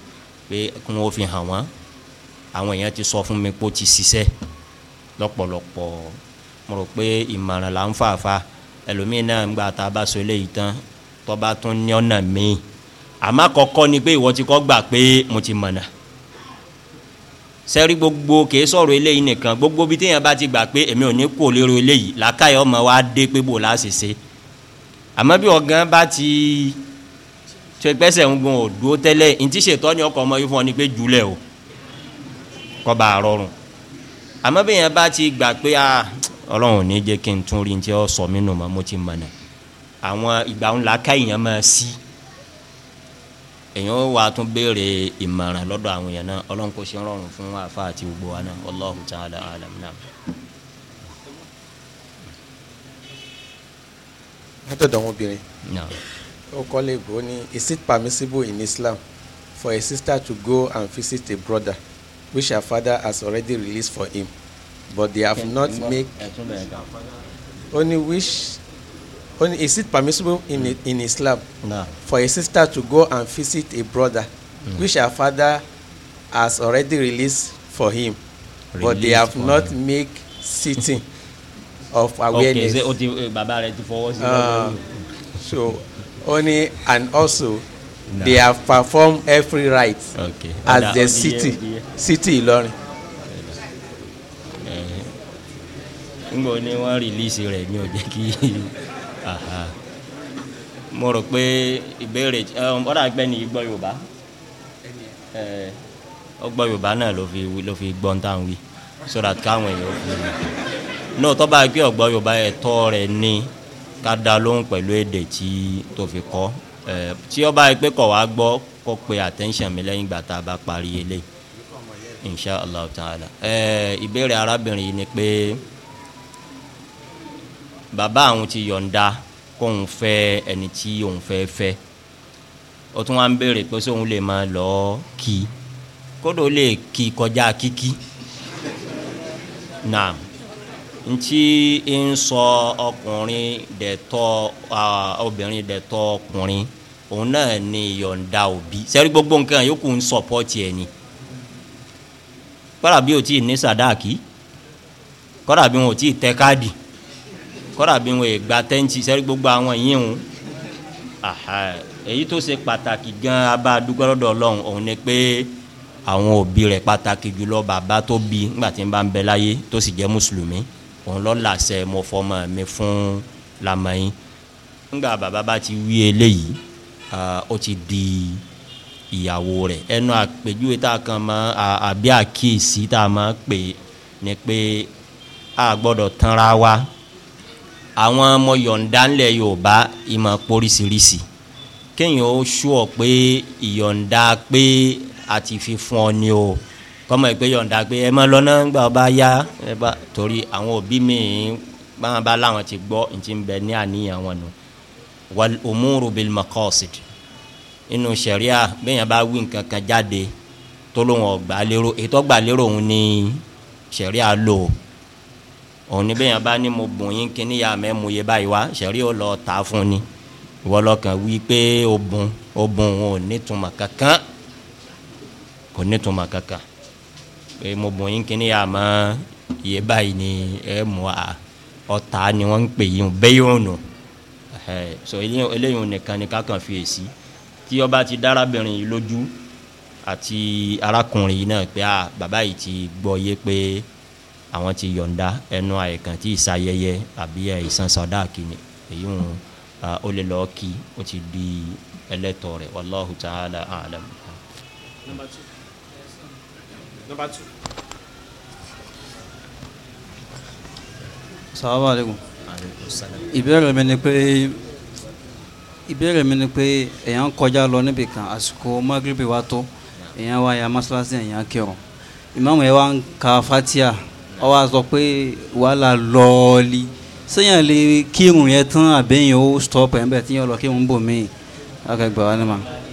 pé kí wọ́n fi hàn wọ́n àwọn èèyàn ti sọ fún mi pé ó ti ṣiṣẹ́ lọ́pọ̀lọpọ̀ mo rò pé ìmọ̀ràn là ń fàáfà ẹlòmíì náà ń gbà tá a bá so eléyìí tán tó bá tún ní ọ̀nà míì àmọ́ àkọ́kọ́ ni pé ìwọ ti kọ́ gbà pé mo ti mọ̀nà sẹ́rí gbogbo kìí sọ̀rọ̀ eléyìí nìkan gbogbo bí téèyàn bá ti gbà pé èmi ò ní kó lérò eléyìí làákàyè ọmọ wa dé pé bò láṣìṣe àmọ́ bí ọ̀gán bá ti tó ẹgbẹ́sẹ̀ ń gun òdúró tẹ́lẹ̀ ntí ṣètọ́ ni ọkọ̀ ọmọ yìí fún ọ ni pé jùlẹ̀ o kọ́ bá a rọrùn àmọ́ bí yẹn bá ti gbà pé a ọlọ́run ò ní jẹ́ kí n tún rí njẹ́ ọ sọ nù mọ́ mo ti mọ̀nà àwọn ìgbà ńlá káyìn máa sí èyàn wà tún béèrè ìmọ̀ràn lọ́dọ̀ àwọn èèyàn náà ọlọ́run kò ṣe rọrùn fún àfa àti gbogbo wa náà ọlọ́run tí a lè àlàm náà. látọ̀dọ̀ àwọn obìnrin ó kọ́ lè bó ní is it permissible in Islam for a sister to go and visit a brother? which her father has already released for him but they have not made only which only is it permissible in a, hmm. in Islam no. for a sister to go and visit a brother mm. which her father has already released for him released but they have not him. make sitting of awareness okay, uh, oh, eh, ah. so only and also no. they have performed every right okay. as the, the city the city Ìlọrin. ngbọ eh, ni wọn release rẹ ni ó jẹ́ kí mo rò pé ìbéèrè um, ọ̀rọ̀ àgbẹ̀ ni gbọ́ Yorùbá eh, ọgbọ́ Yorùbá náà ló fi ló fi wí so that káwọn èèyàn fi náà tó bá gbé ọgbọ́ Yorùbá ẹ̀tọ́ rẹ̀ ni ká dá lóhùn pẹ̀lú èdè tí tó fi kọ́ tí ó bá yẹ pé kọ̀ wá gbọ́ kó pe attention mi lẹ́yìn ìgbà tá a bá parí eléyìí insha allah ta'ala ìbéèrè arábìnrin yìí ni pé bàbá àwọn ti yọ̀ǹda kóun fẹ́ ẹni tí òun fẹ́ fẹ́ ó tún wá ń béèrè pé sóun lè máa lọ kí kódò lè kí kọjá kíkí naam ntí ń sọ ọkùnrin dẹ̀tọ́ obìnrin dẹ̀tọ́ ọkùnrin òun náà ni yọ̀ǹda òbí sẹ́rí gbogbo nǹkan yòókù ń sọ̀pọ̀tì ẹ̀ ni kọ́dà bí o ti ní sàdáàkì kọ́dà bí wọn ò tí ì tẹ káàdì kọ́dà bí wọn ò tẹ́ǹtì sẹ́rí gbogbo àwọn yìí ń èyí tó ṣe pàtàkì gan abá dúpẹ́ lọ́dọ̀ ọlọ́run òun ni pé àwọn òbí rẹ̀ pàtàkì jùlọ bàbá tó bí nígbà tí ń bá ń bẹ láyé tó sì jẹ́ mùsùlùmí òun lọ làṣẹ mo fọmọ mi fún lamẹyìn nígbà bàbá bá ti wí eléyìí ó ti di ìyàwó rẹ ẹnu àpèjúwe tá a kan mọ àbí àkíyèsí tá a máa pè ni pé a gbọ́dọ̀ tanra wa àwọn ọmọ yọ̀ǹda ńlẹ̀ yorùbá ìmọ̀ poríṣiríṣi kéèyàn ó ṣú pé ìyọ̀ǹda pé a fi fún ọ ni o kọ́mọ ìpè yọ̀ǹda pé ẹ mọ lọ́nà gbà ọ bá yá ẹ bá torí àwọn òbí mi-ín báwọn bá láwọn ti gbọ́ ní ti ń bẹ ní àníyàn wọn nù wal umuru bil maqasid inú sẹ̀ríà bẹ́yàn bá wí nǹkan kan jáde tó lóun ọ̀gbà lérò ètò ọ̀gbà lérò òun ni sẹ̀ríà lò òun ni bẹ́yàn bá ní mo bùn yín kíní ya mẹ́ mo yẹ báyìí wá sẹ̀ríà ó lọ tà fún ni ìwọ lọ́kàn wí pé ó bùn ó bùn òun ò ní tuma kankan kò ní tuma kankan pé mo bùn yín kíní àmọ́ iye báyìí ni ẹ mú a ọ̀tá ni wọ́n ń pè yín bẹ́ẹ̀ yóò nù so eléyìí nìkan ni kákan fi èsì tí ọba ti dárábìnrin yìí lójú àti arákùnrin yìí náà pé a bàbá yìí ti gbọ́ yé pé àwọn ti yọ̀ǹda ẹnu àìkàn tí ìsayẹyẹ àbí ìsan sọdá kìíní èyí ń ó lè lọ́ọ́ kí ó ti di ẹlẹ́tọ̀ rẹ̀ wàláhùtà àlà number two number two. sàlámù aleykum. ìbéèrè mi ni pé ìbéèrè mi ni pé èèyàn kọjá lọ níbi kan àsìkò magrebi wa tó èèyàn wá ya mọ́ṣáláṣí èèyàn kírun ìmáàmù yẹn wá ń ka fatia ọ wá sọ pé wàhálà lọ́ọ̀lì sẹ́yìn lè kírun yẹn tán àbẹ́yìn ó stop ẹ̀ ń bẹ̀ tí yẹn lọ kírun bò mí. akẹ́gbẹ̀wá ni màá.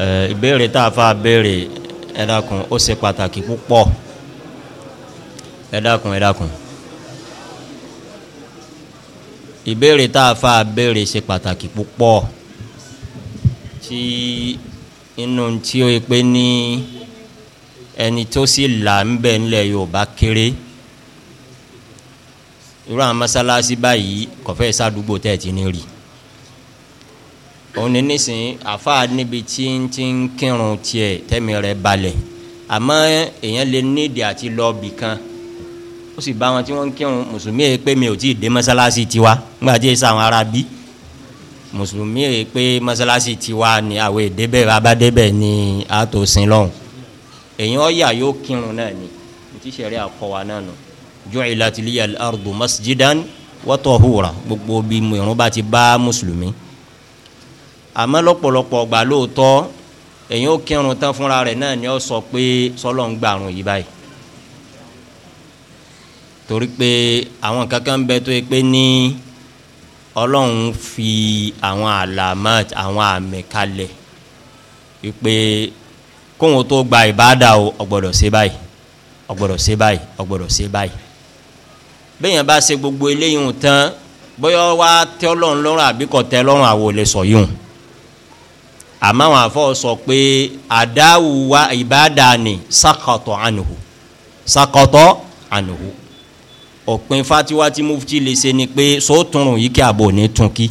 Eh, ìbéèrè tá a fa béèrè ẹ dákun ó ṣe pàtàkì púpọ̀ ẹ dákun ẹ dákun ìbéèrè tá a fa béèrè ṣe pàtàkì púpọ̀ tí inú tí ó yẹ pé ní ẹni tó sì là ń bẹ̀ ńlẹ̀ Yorùbá kéré irú àwọn mọ́sálásí báyìí kọ̀fẹ́ sádùúgbò tẹ̀ ti ní rí òun ní nísìnyí àfa níbi tí ń ti ń kírun tiẹ̀ tẹ́mi rẹ̀ balẹ̀ àmọ́ èèyàn lè nídìí àti lọ bì kan ó sì bá wọn tí wọ́n ń kírun mùsùlùmí yìí pé mi ò tí ì dé mọ́sálásí tiwa nígbà tí èsì àwọn ará bí mùsùlùmí yìí pé mọ́sálásí tiwa ni àwọn èdè bẹ́ẹ̀ bá dé bẹ́ẹ̀ ni a tó sin lọ́hùn èèyàn ọ̀yà yóò kírun náà ni ti sẹ̀rí àkọwà náà nù ju'ilatil ardu masjidan wa tahura gbogbo bí mìíràn bá ti bá mùsùlùmí àmọ́ lọ́pọ̀lọpọ̀ ọgbà lóòótọ́ èyàn ó kírun tán fúnra rẹ̀ náà ni ó sọ pé sọlọ ń gbàrún yìí báyìí torí pé àwọn kankan ń bẹ tó yẹ pé ní ọlọ́run fi àwọn àlàmọ́t àwọn àmì kalẹ̀ wípé kóhun tó gba ìbáàdà o ọgbọ́dọ̀ ṣe báyìí ọgbọ́dọ̀ ṣe báyìí ọgbọ́dọ̀ ṣe báyìí bẹ́ẹ̀yàn bá ṣe gbogbo eléyìí tán bóyá wá tẹ́ ọlọ́run lọ́rùn àbíkọ̀ tẹ́ lọ́rùn àwòlẹ̀ sọ̀yún. So àmọ́ àwọn afọ́ sọ pé àdáwù wa ìbádàní sàkọ̀tọ̀ ànùhù sàkọ̀tọ̀ ànùhù òpin fatiwa tí mufti lè ṣe ni pé sóòtúnrún yìí kí àbò ní tún kí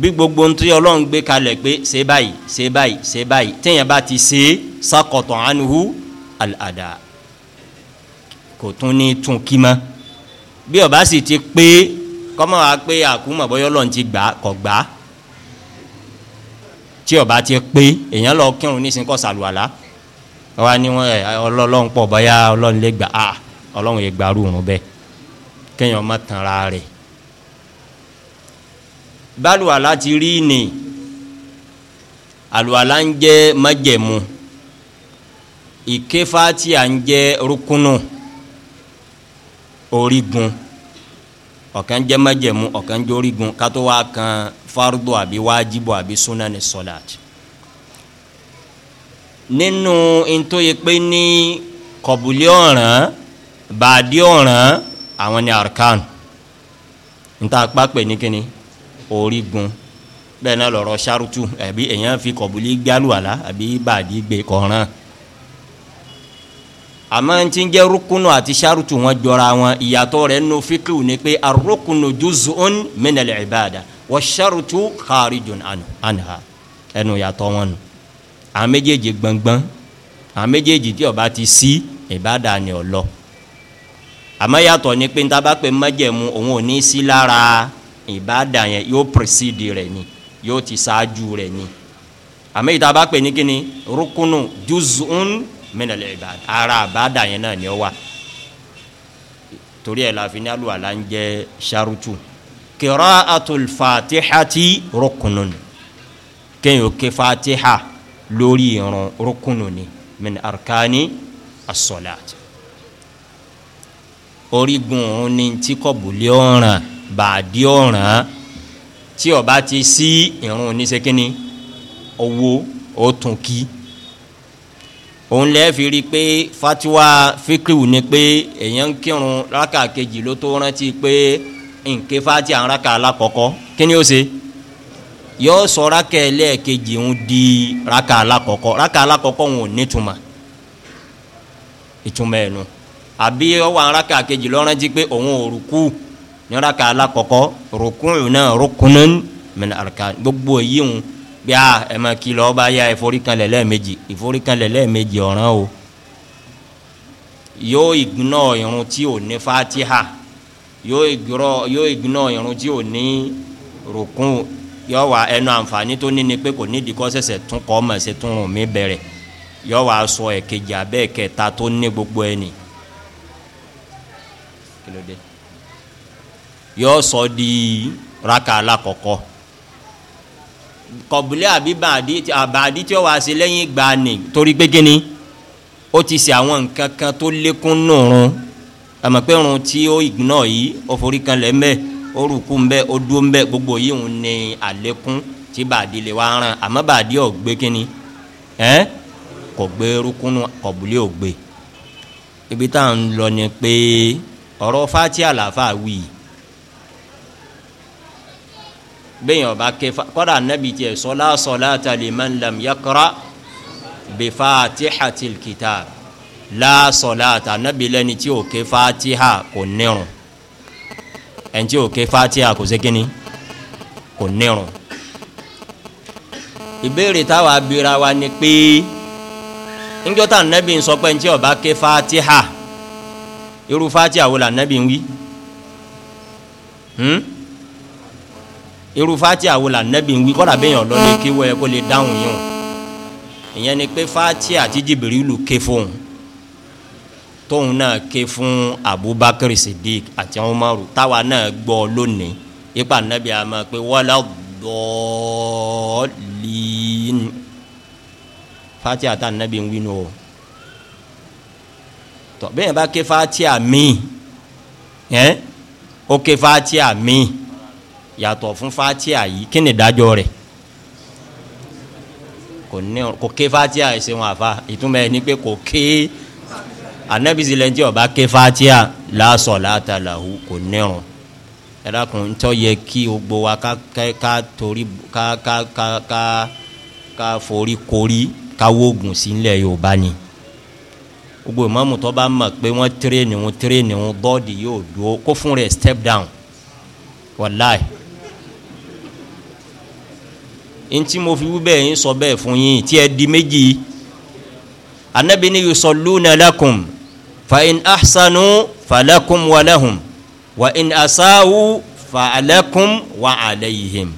bí gbogbo ń tí ọlọ́run gbé kalẹ̀ pé ṣe báyìí ṣe báyìí ṣe báyìí téèyàn bá ti ṣe sàkọ̀tọ̀ ànùhù àdá kò tún ní tún kí mọ́ bí ọba sì ti pé kọ́mọ́ wa pé àkúmọ̀ bọ́yọ́ lọ́n ti gbà kọ̀ gbà á tí ọba ti pé èèyàn lọ kírun ní sinkọ́ sàlùwàlá wa ni wọn ẹ ọlọ́run pọ̀ bọ́yá ọlọ́run lè gbà á ah, ọlọ́run yẹ gbàrú òun bẹ́ẹ̀ kéèyàn má tanra rẹ̀ bálùwàlá ti rí ni àlùwàlá ń jẹ́ májẹ̀mú ìkéfà tí à ń jẹ́ rúkúnù orígun ọ̀kan jẹ́ májẹ̀mú ọ̀kan jórígun kátó wá kan fárúdù àbí wájibù àbí súnáni sọ̀láàtì nínú ntóye pé ní kọ̀bùlé ọ̀ràn bàdí ọ̀ràn àwọn ni arkan nta pápẹ́ ní kíni orígun bẹ́ẹ̀ náà lọ̀rọ̀ sárutu àbí èèyàn fi kọ̀bùlé gbálù àbí bàdí gbé kọ̀ọ̀ràn àmọ́ n ti jẹ́ rukunu àti sarutu wọn jọra wọn ìyàtọ̀ rẹ̀ nù fíkìw ni pé arukunu juz'un min al-ibada wa sarutu kharijun anha ẹnu yàtọ̀ wọn nù àwọn méjèèjì gbọ̀ngbọ̀n àwọn méjèèjì tí ó bá ti sí ìbáda ni ó lọ àmọ́ yàtọ̀ ni pé níta bá pè májẹ̀mú òun ò ní sí lára ìbáda yẹn yóò pèsèdì rẹ̀ ni yóò ti ṣáájú rẹ̀ ni àmọ́ ìta bá ní kíni rukunu juz'un minal ibad ara àbáda yẹn náà ni ó wà torí ẹ̀ la fi ní àlùwàlá ń jẹ́ sharutu qira'atul fatihati rukunun kéèyàn ké fatiha lórí ìran rukunun ni min arkani as-salat orígun òun ni tí kọ̀bùlé ọ̀ràn bàdí ọ̀ràn tí ó bá ti sí ìrun oníṣẹ́kíní owó ó tún kí òun lẹ́ẹ̀ fi ri pé fatiwa fikiru ni pé èèyàn ń kírun raka kejì ló tó rántí pé nké fati àwọn raka alakọ̀kọ́ kí ni ó ṣe yóò sọ raka ẹlẹ́ẹ̀kejì ń di raka alakọ̀kọ́ raka alakọ̀kọ́ ń ò nítumà ìtumọ̀ ẹ̀ nu àbí ọwọ́ àwọn raka kejì ló rántí pé òun ò rúkú ní raka alakọ̀kọ́ rúkú náà rúkú náà mẹ́ni àrùkà gbogbo èyí ń bí a ah, ẹ mọ kí lọ bá yá ìforíkanlẹ̀ lẹ́ẹ̀mejì ìforíkanlẹ̀ lẹ́ẹ̀mejì ọ̀ràn o yóò ìgbìnà irun tí ò ní fatiha yóò ìgbìrọ yóò ìgbìnà irun tí ò ní rukun yọ wá ẹnu àǹfààní tó ní ni pé kò ní ìdíkọ́ sẹ̀sẹ̀ tún kọ́ mọ̀ ṣe tún rùn mí bẹ̀rẹ̀ yọ wá sọ ẹ̀kejì abẹ́ kẹta tó ní gbogbo ẹni yọ sọ di raka alakọ̀kọ́ kọ̀bùlẹ̀ àbí bàdí tí ó wá sí lẹ́yìn ìgbà ni torí pé kíni ó ti ṣe àwọn nǹkan kan tó lékún nùrún àmọ́ pé irun tí ó ìgbìnà yìí ó forí kan lẹ́ mbẹ́ ó rùkú mbẹ́ ó dúró mbẹ́ gbogbo yìí ń ní àlékún tí bàdí lè wá ràn àmọ́ bàdí ò gbé kíni ẹ́ kò gbé rúkúnú kọ̀bùlẹ̀ ò gbé ibi táwọn ń lọ ni pé ọ̀rọ̀ fati àlàáfà wì í bẹ́yìn ọba ké kọ́dà anabi tiẹ̀ sọlá sọlá tali man lam yakra bi fatiha til kitab la sọlá ta anabi lẹni tí o ké fatiha kò nírun ẹni tí o ké fatiha kò ségini kò nírun ìbéèrè táwa abira wa ni pé ńjọ́ta anabi sọ pé ẹni ọba ké fatiha irú fatiha wo la anabi ń Hmm? irú fati àwọn lànàbí ń wí kọ́ra bẹ́yàn lọ́lẹ́ kí wọ́n yẹ kó lè dáhùn yìí ìyẹn ni pé fati àti jìbìrìlù ké fóun tóun náà ké fún abubakar sidik àti umaru táwa náà gbọ́ lónìí ipa nàbí àmọ́ pé wọ́lá dọ́ọ̀lìn fati àti ànàbí ń nù o tọ́ bẹ́ẹ̀ bá ké fati àmì ẹ́ ó ké fati àmì. Eh? yàtọ̀ fún fatia yìí kí ni ìdájọ́ rẹ̀ kò ní kò ké fatia ẹ̀ sẹ́wọ̀n àfa ìtumọ̀ ẹ̀ ni pé kò ké anabi silenti ọba ké fatia lásọ látàlàhù kò nírun ẹ dákun ntọ́ yẹ kí gbogbo wa ká ká torí ká ká ká ká ká forí korí ká wógun sí ilẹ̀ yorùbá ni gbogbo ìmọ̀mù tó bá mọ̀ pé wọ́n tíré nìhun tíré nìhun bọ́ọ̀dì yóò dúró kó fún rẹ̀ step down wàláì ntí mo fi wú bẹ́ẹ̀ yín sọ bẹ́ẹ̀ fún yín tí ẹ di méjì anabi ni yusalluna lakum fa in ahsanu falakum walahum wa in asawu falakum wa alayhim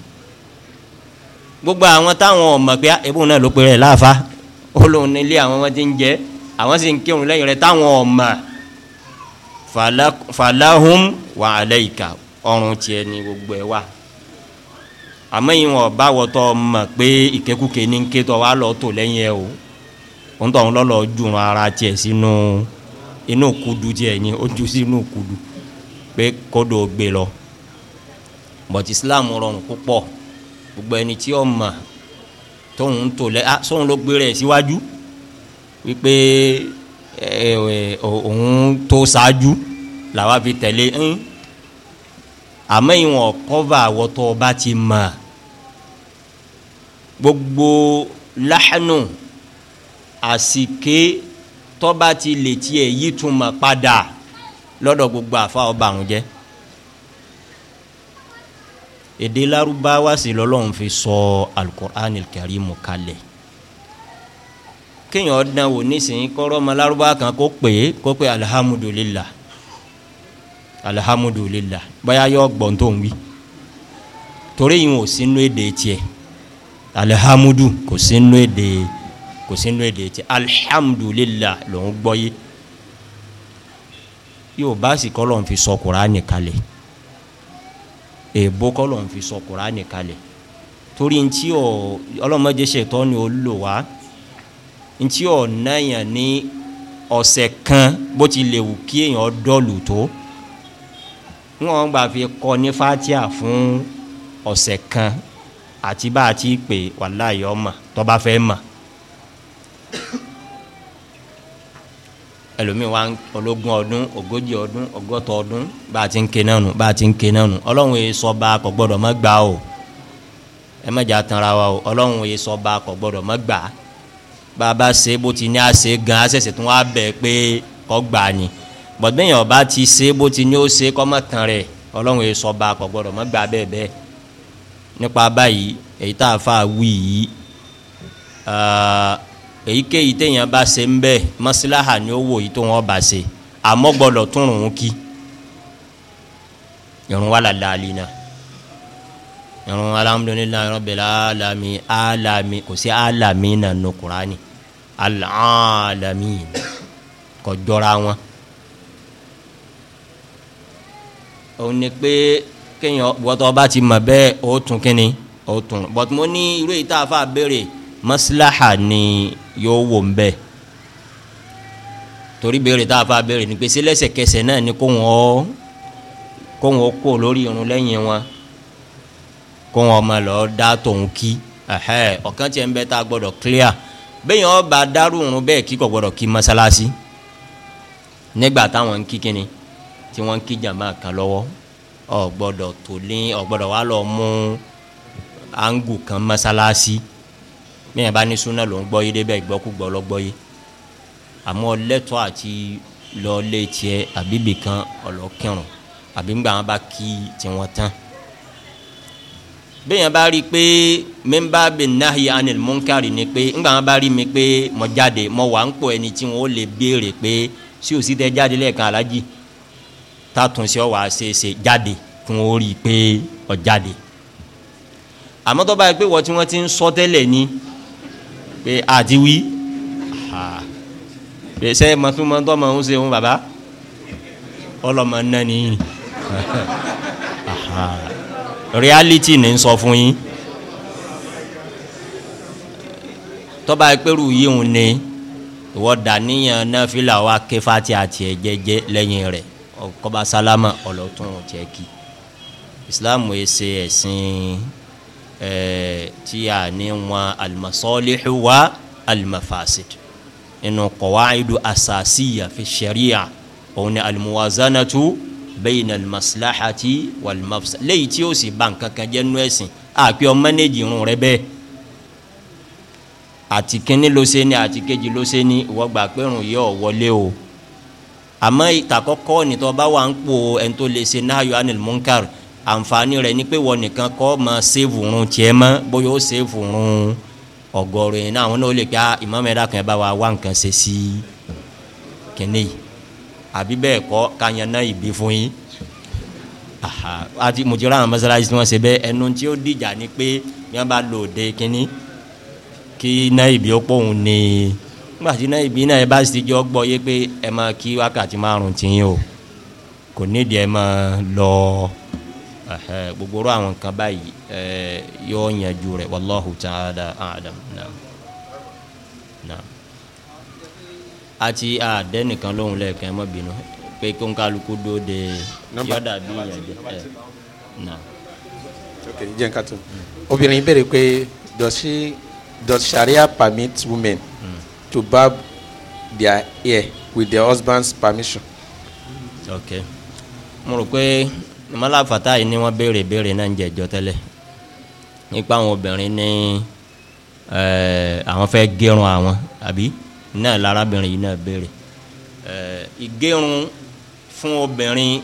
gbogbo àwọn táwọn ọmọ pé ebó ah, náà ló pe láàfa olóhùn nílé àwọn ọmọ tí ń jẹ àwọn sì ń kírun lẹ́yìn rẹ táwọn ọmọ falahum wa alayka ọrùn tiẹ̀ ni gbogbo ẹ wà àmọ́ yìí wọ́n bá wọ́tọ́ mọ̀ pé ìkékùké ní kétọ́ wa lọ tó lẹ́yìn ẹ o òun tó ń lọ́lọ́ jùrùn ara tiẹ̀ sínú inú kudu tiẹ̀ ni ó ju sínú kudu pé kódò gbé lọ bọ̀tí islam rọrùn púpọ̀ gbogbo ẹni tí ó mọ̀ tóun tó lẹ́ ah sóun ló gbé rẹ̀ síwájú wípé ẹ eh, ẹ eh, òun tó ṣáájú làwa fi tẹ̀lé ń. Eh, àmọ́ ìwọ̀n kọ́va àwọ̀tọ́ ọba ti mọ̀ gbogbo láhánù àsìké tọ́ba ti lè tiẹ̀ yí túmọ̀ padà lọ́dọ̀ gbogbo àfa ọba àwọn jẹ́ èdè lárúbáwá sì lọ́lọ́run fi sọ alukur'an karimu kalẹ̀ kéèyàn ọ̀dàn nísìnyí kọ́rọ́ ọmọ lárúbáwá kan kó pè é kó pè alhamdulilayi alihamudulilah bóyá yọ gbọ́n tó ń wí torí yìí ò sínú èdè tiẹ̀ alihamudu kò sínú èdè kò sínú èdè tiẹ̀ alihamudulilah ló ń gbọ́ yé yóò bá sì kọ́ ló ń fi sọ Kùránì kalẹ̀ èèbó kọ́ ló ń fi sọ Kùránì kalẹ̀ torí ntí ọ ọlọ́mọdé ṣètọ́ ni ó lò wá ntí ọ náyàn ní ọ̀sẹ̀ kan bó ti lè wù kí èèyàn dọ́ọ̀lù tó wọn gbà fi kọ ní fatia fún ọ̀sẹ̀ kan àti bá a ti pè wàláyé ọmọ tọba fẹ́ mọ̀ ẹlòmíín wa ológun ọdún ogójì ọdún ọgọ́ta ọdún bá a ti ń ké náà nù bá a ti ń ké náà nù ọlọ́run yìí sọba kò gbọ́dọ̀ má gbà o ẹ má jà wa o ọlọ́run yìí sọba kò gbọ́dọ̀ má gbà bá a bá ṣe bó ti ní a ṣe gan a ṣẹ̀ṣẹ̀ tún wá bẹ̀ pé kọ́ gbà ni bọ̀dẹ́yìn ọba ti ṣe bó ti ní ó ṣe kọ́mọ̀tàn rẹ̀ ọlọ́run yìí sọ ba kọ̀ gbọ́dọ̀ mọ́ gbà bẹ́ẹ̀ bẹ́ẹ̀ nípa báyìí èyí tá a fa wí yìí ah, èyíkéyìí téèyàn bá ṣe ń bẹ́ẹ̀ mọ́síláhà ni ó wò yìí tó wọ́n bá ṣe àmọ́ gbọ́dọ̀ tún rùn kí irun wà lálẹ́ náà irun alhamdulilayi rabbil alami alami kò sí alami nanu kurani alami kò jọra wọn. òun ni pé kéèyàn bọ́tọ̀ bá ti mọ̀ bẹ́ẹ̀ ó tún kínni ó tún bọ́tọ̀ mo ní irú yìí tá a fà béèrè mọ́síláhà ni yóò wò ń bẹ́ẹ̀ torí béèrè tá a fà béèrè ni pé sí lẹ́sẹ̀kẹsẹ̀ náà ni kóhun ó kó lórí irun lẹ́yìn wọn kóhun ọmọ lọ dá tòun kí ọ̀kan tiẹ̀ ń bẹ tá a gbọ́dọ̀ clear béèyàn bá dárú irun bẹ́ẹ̀ kí kò gbọ́dọ̀ kí mọ́sálásí nígbà tí wọ́n ń kí jàmbá kan lọ́wọ́ ọ gbọ́dọ̀ tó lé ọ gbọ́dọ̀ wá lọ mú angu kan mọ́sálásí bẹ́ẹ̀ bá ní súnà ló ń gbọ́ yé débẹ̀ ìgbọ́kúgbọ́ lọ gbọ́ yé àmọ́ lẹ́tọ́ àti lọ lé tiẹ̀ àbíbì kan ọ̀lọ́kẹrùn àbí ńgbà wọn bá kí tiwọn tán bẹ́ẹ̀ bá rí i pé mẹ́mbà bẹ̀ anil munkari ni pé ńgbà wọn bá rí mi pé mo jáde mo wà ń pọ̀ ẹni tí wọn lè béèrè pé sí òsì tẹ jáde lẹ́ẹ̀kan alájì tátúnṣe ọwọ́ àṣeéṣe jade kún orí pé ọ̀jáde àmọ́ tó báyìí pé wọ́n tí wọ́n ti ń sọ tẹ́lẹ̀ ni pé àti wí pèsè mọ̀túnmọ́tọ́ mọ̀ ń ṣe òun bàbá ọlọ́mọ náà ni reality ni ń sọ fún yín tó báyìí pé rú yíhun ne ìwọ́dà níyàn náà fìlà wa ké fati àti ẹ̀jẹ̀jẹ̀ lẹ́yìn rẹ̀ kọba sálámà ọlọ́tún tiẹ̀ kí ìsìláàmù yìí ṣe ẹ̀sìn tí a ní wọn alimasọ́lẹ́hu wa alimafasid inú kọ̀wáìdù asasiya fi sẹ́ríà òun ni alimuwazanatu bẹ́yìn alimasilahati walimafsa lẹ́yìn tí ó sì bá nǹkan kan jẹ́ nú ẹ̀sìn àpé ọ mẹ́nẹ́jì irun rẹ bẹ́ẹ̀ àti kínní ló ni àti kejì ló ni ìwọ gbà pé wọlé o. Wole, àmọ́ ìtàkọ́kọ́ nìtọ́ bá wà ń po ẹni tó lè ṣe náà yohanil munkar àǹfààní rẹ̀ ni pé wọ́n nìkan kọ́ mọ séèfù run tiẹ̀ mọ́ bóyá ó séèfù run ọ̀gọ́rùn yìí náà àwọn náà ó lè pa ìmọ̀mọ́ ẹ̀dá kan ẹ̀ bá wa wá nǹkan ṣe sí kínní àbí bẹ́ẹ̀ kọ́ káyan náà ìbí fún yín àti mùtírà àwọn mọ́sálásí tí wọ́n ṣe bẹ́ẹ̀ ẹnu tí ó dìjà ni pé bí wọ́n bá lò dé kínní kí náà ìbí ó pòun ní gbàtí náà ibi náà ẹ bá sì jọ gbọ́ yé pé ẹ máa kí wákàtí márùn tí yín o kò nídìí ẹ máa lọ gbogbo ro àwọn kan báyìí yóò yanjú rẹ wàláhu ta'ala a'lam naam naam àti àdẹ́nìkan lóhùn lẹ́ẹ̀kan ẹ má bínú pé kó ń kálukú dóde yọ̀dà bí ìyànjẹ ẹ naam. ok jẹ́ n ká obìnrin béèrè pé does she does sharia permit women to barb their hair with their husband's permission. ok mo rò pé mọ́lá fata yìí ni wọ́n béèrè béèrè náà ń jẹ́ ẹjọ́ tẹ́lẹ̀ nípa àwọn obìnrin ní àwọn fẹ́ gẹrun àwọn àbí náà lárábìnrin yìí náà béèrè ìgẹrun fún obìnrin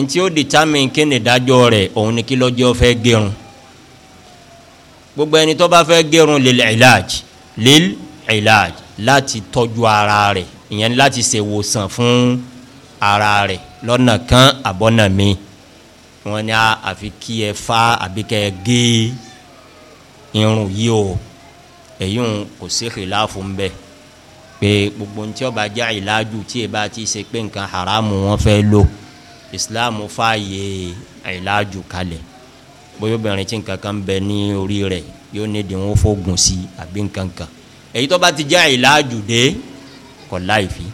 ntí ó determine kí ni ìdájọ́ rẹ̀ òun ni kí lọ́jọ́ fẹ́ gẹrun gbogbo ẹni tó bá fẹ́ gẹrun lil ilaj lil ìlàj láti tọ́jú ara rẹ̀ ìyẹn láti ṣe wòsàn fún ara rẹ̀ lọ́nà kan àbọ̀nà mi wọ́n ní àfi kí ẹ fa àbí kẹ ẹ gé irun yìí o èyí ń kò sí ìlàfo ń bẹ pé gbogbo ntí ọba jẹ́ ìlàjù tí ẹ bá ti ṣe pé nǹkan haramu wọn fẹ́ lò islam fààyè ìlàjù kalẹ̀ bóyá obìnrin tí nǹkan kan bẹ ní orí rẹ̀ yóò ní ìdíwọ́n fóògùn sí àbí nǹkan kan èyí tó bá ti jẹ́ àìláàjù dé kọ̀ láìfi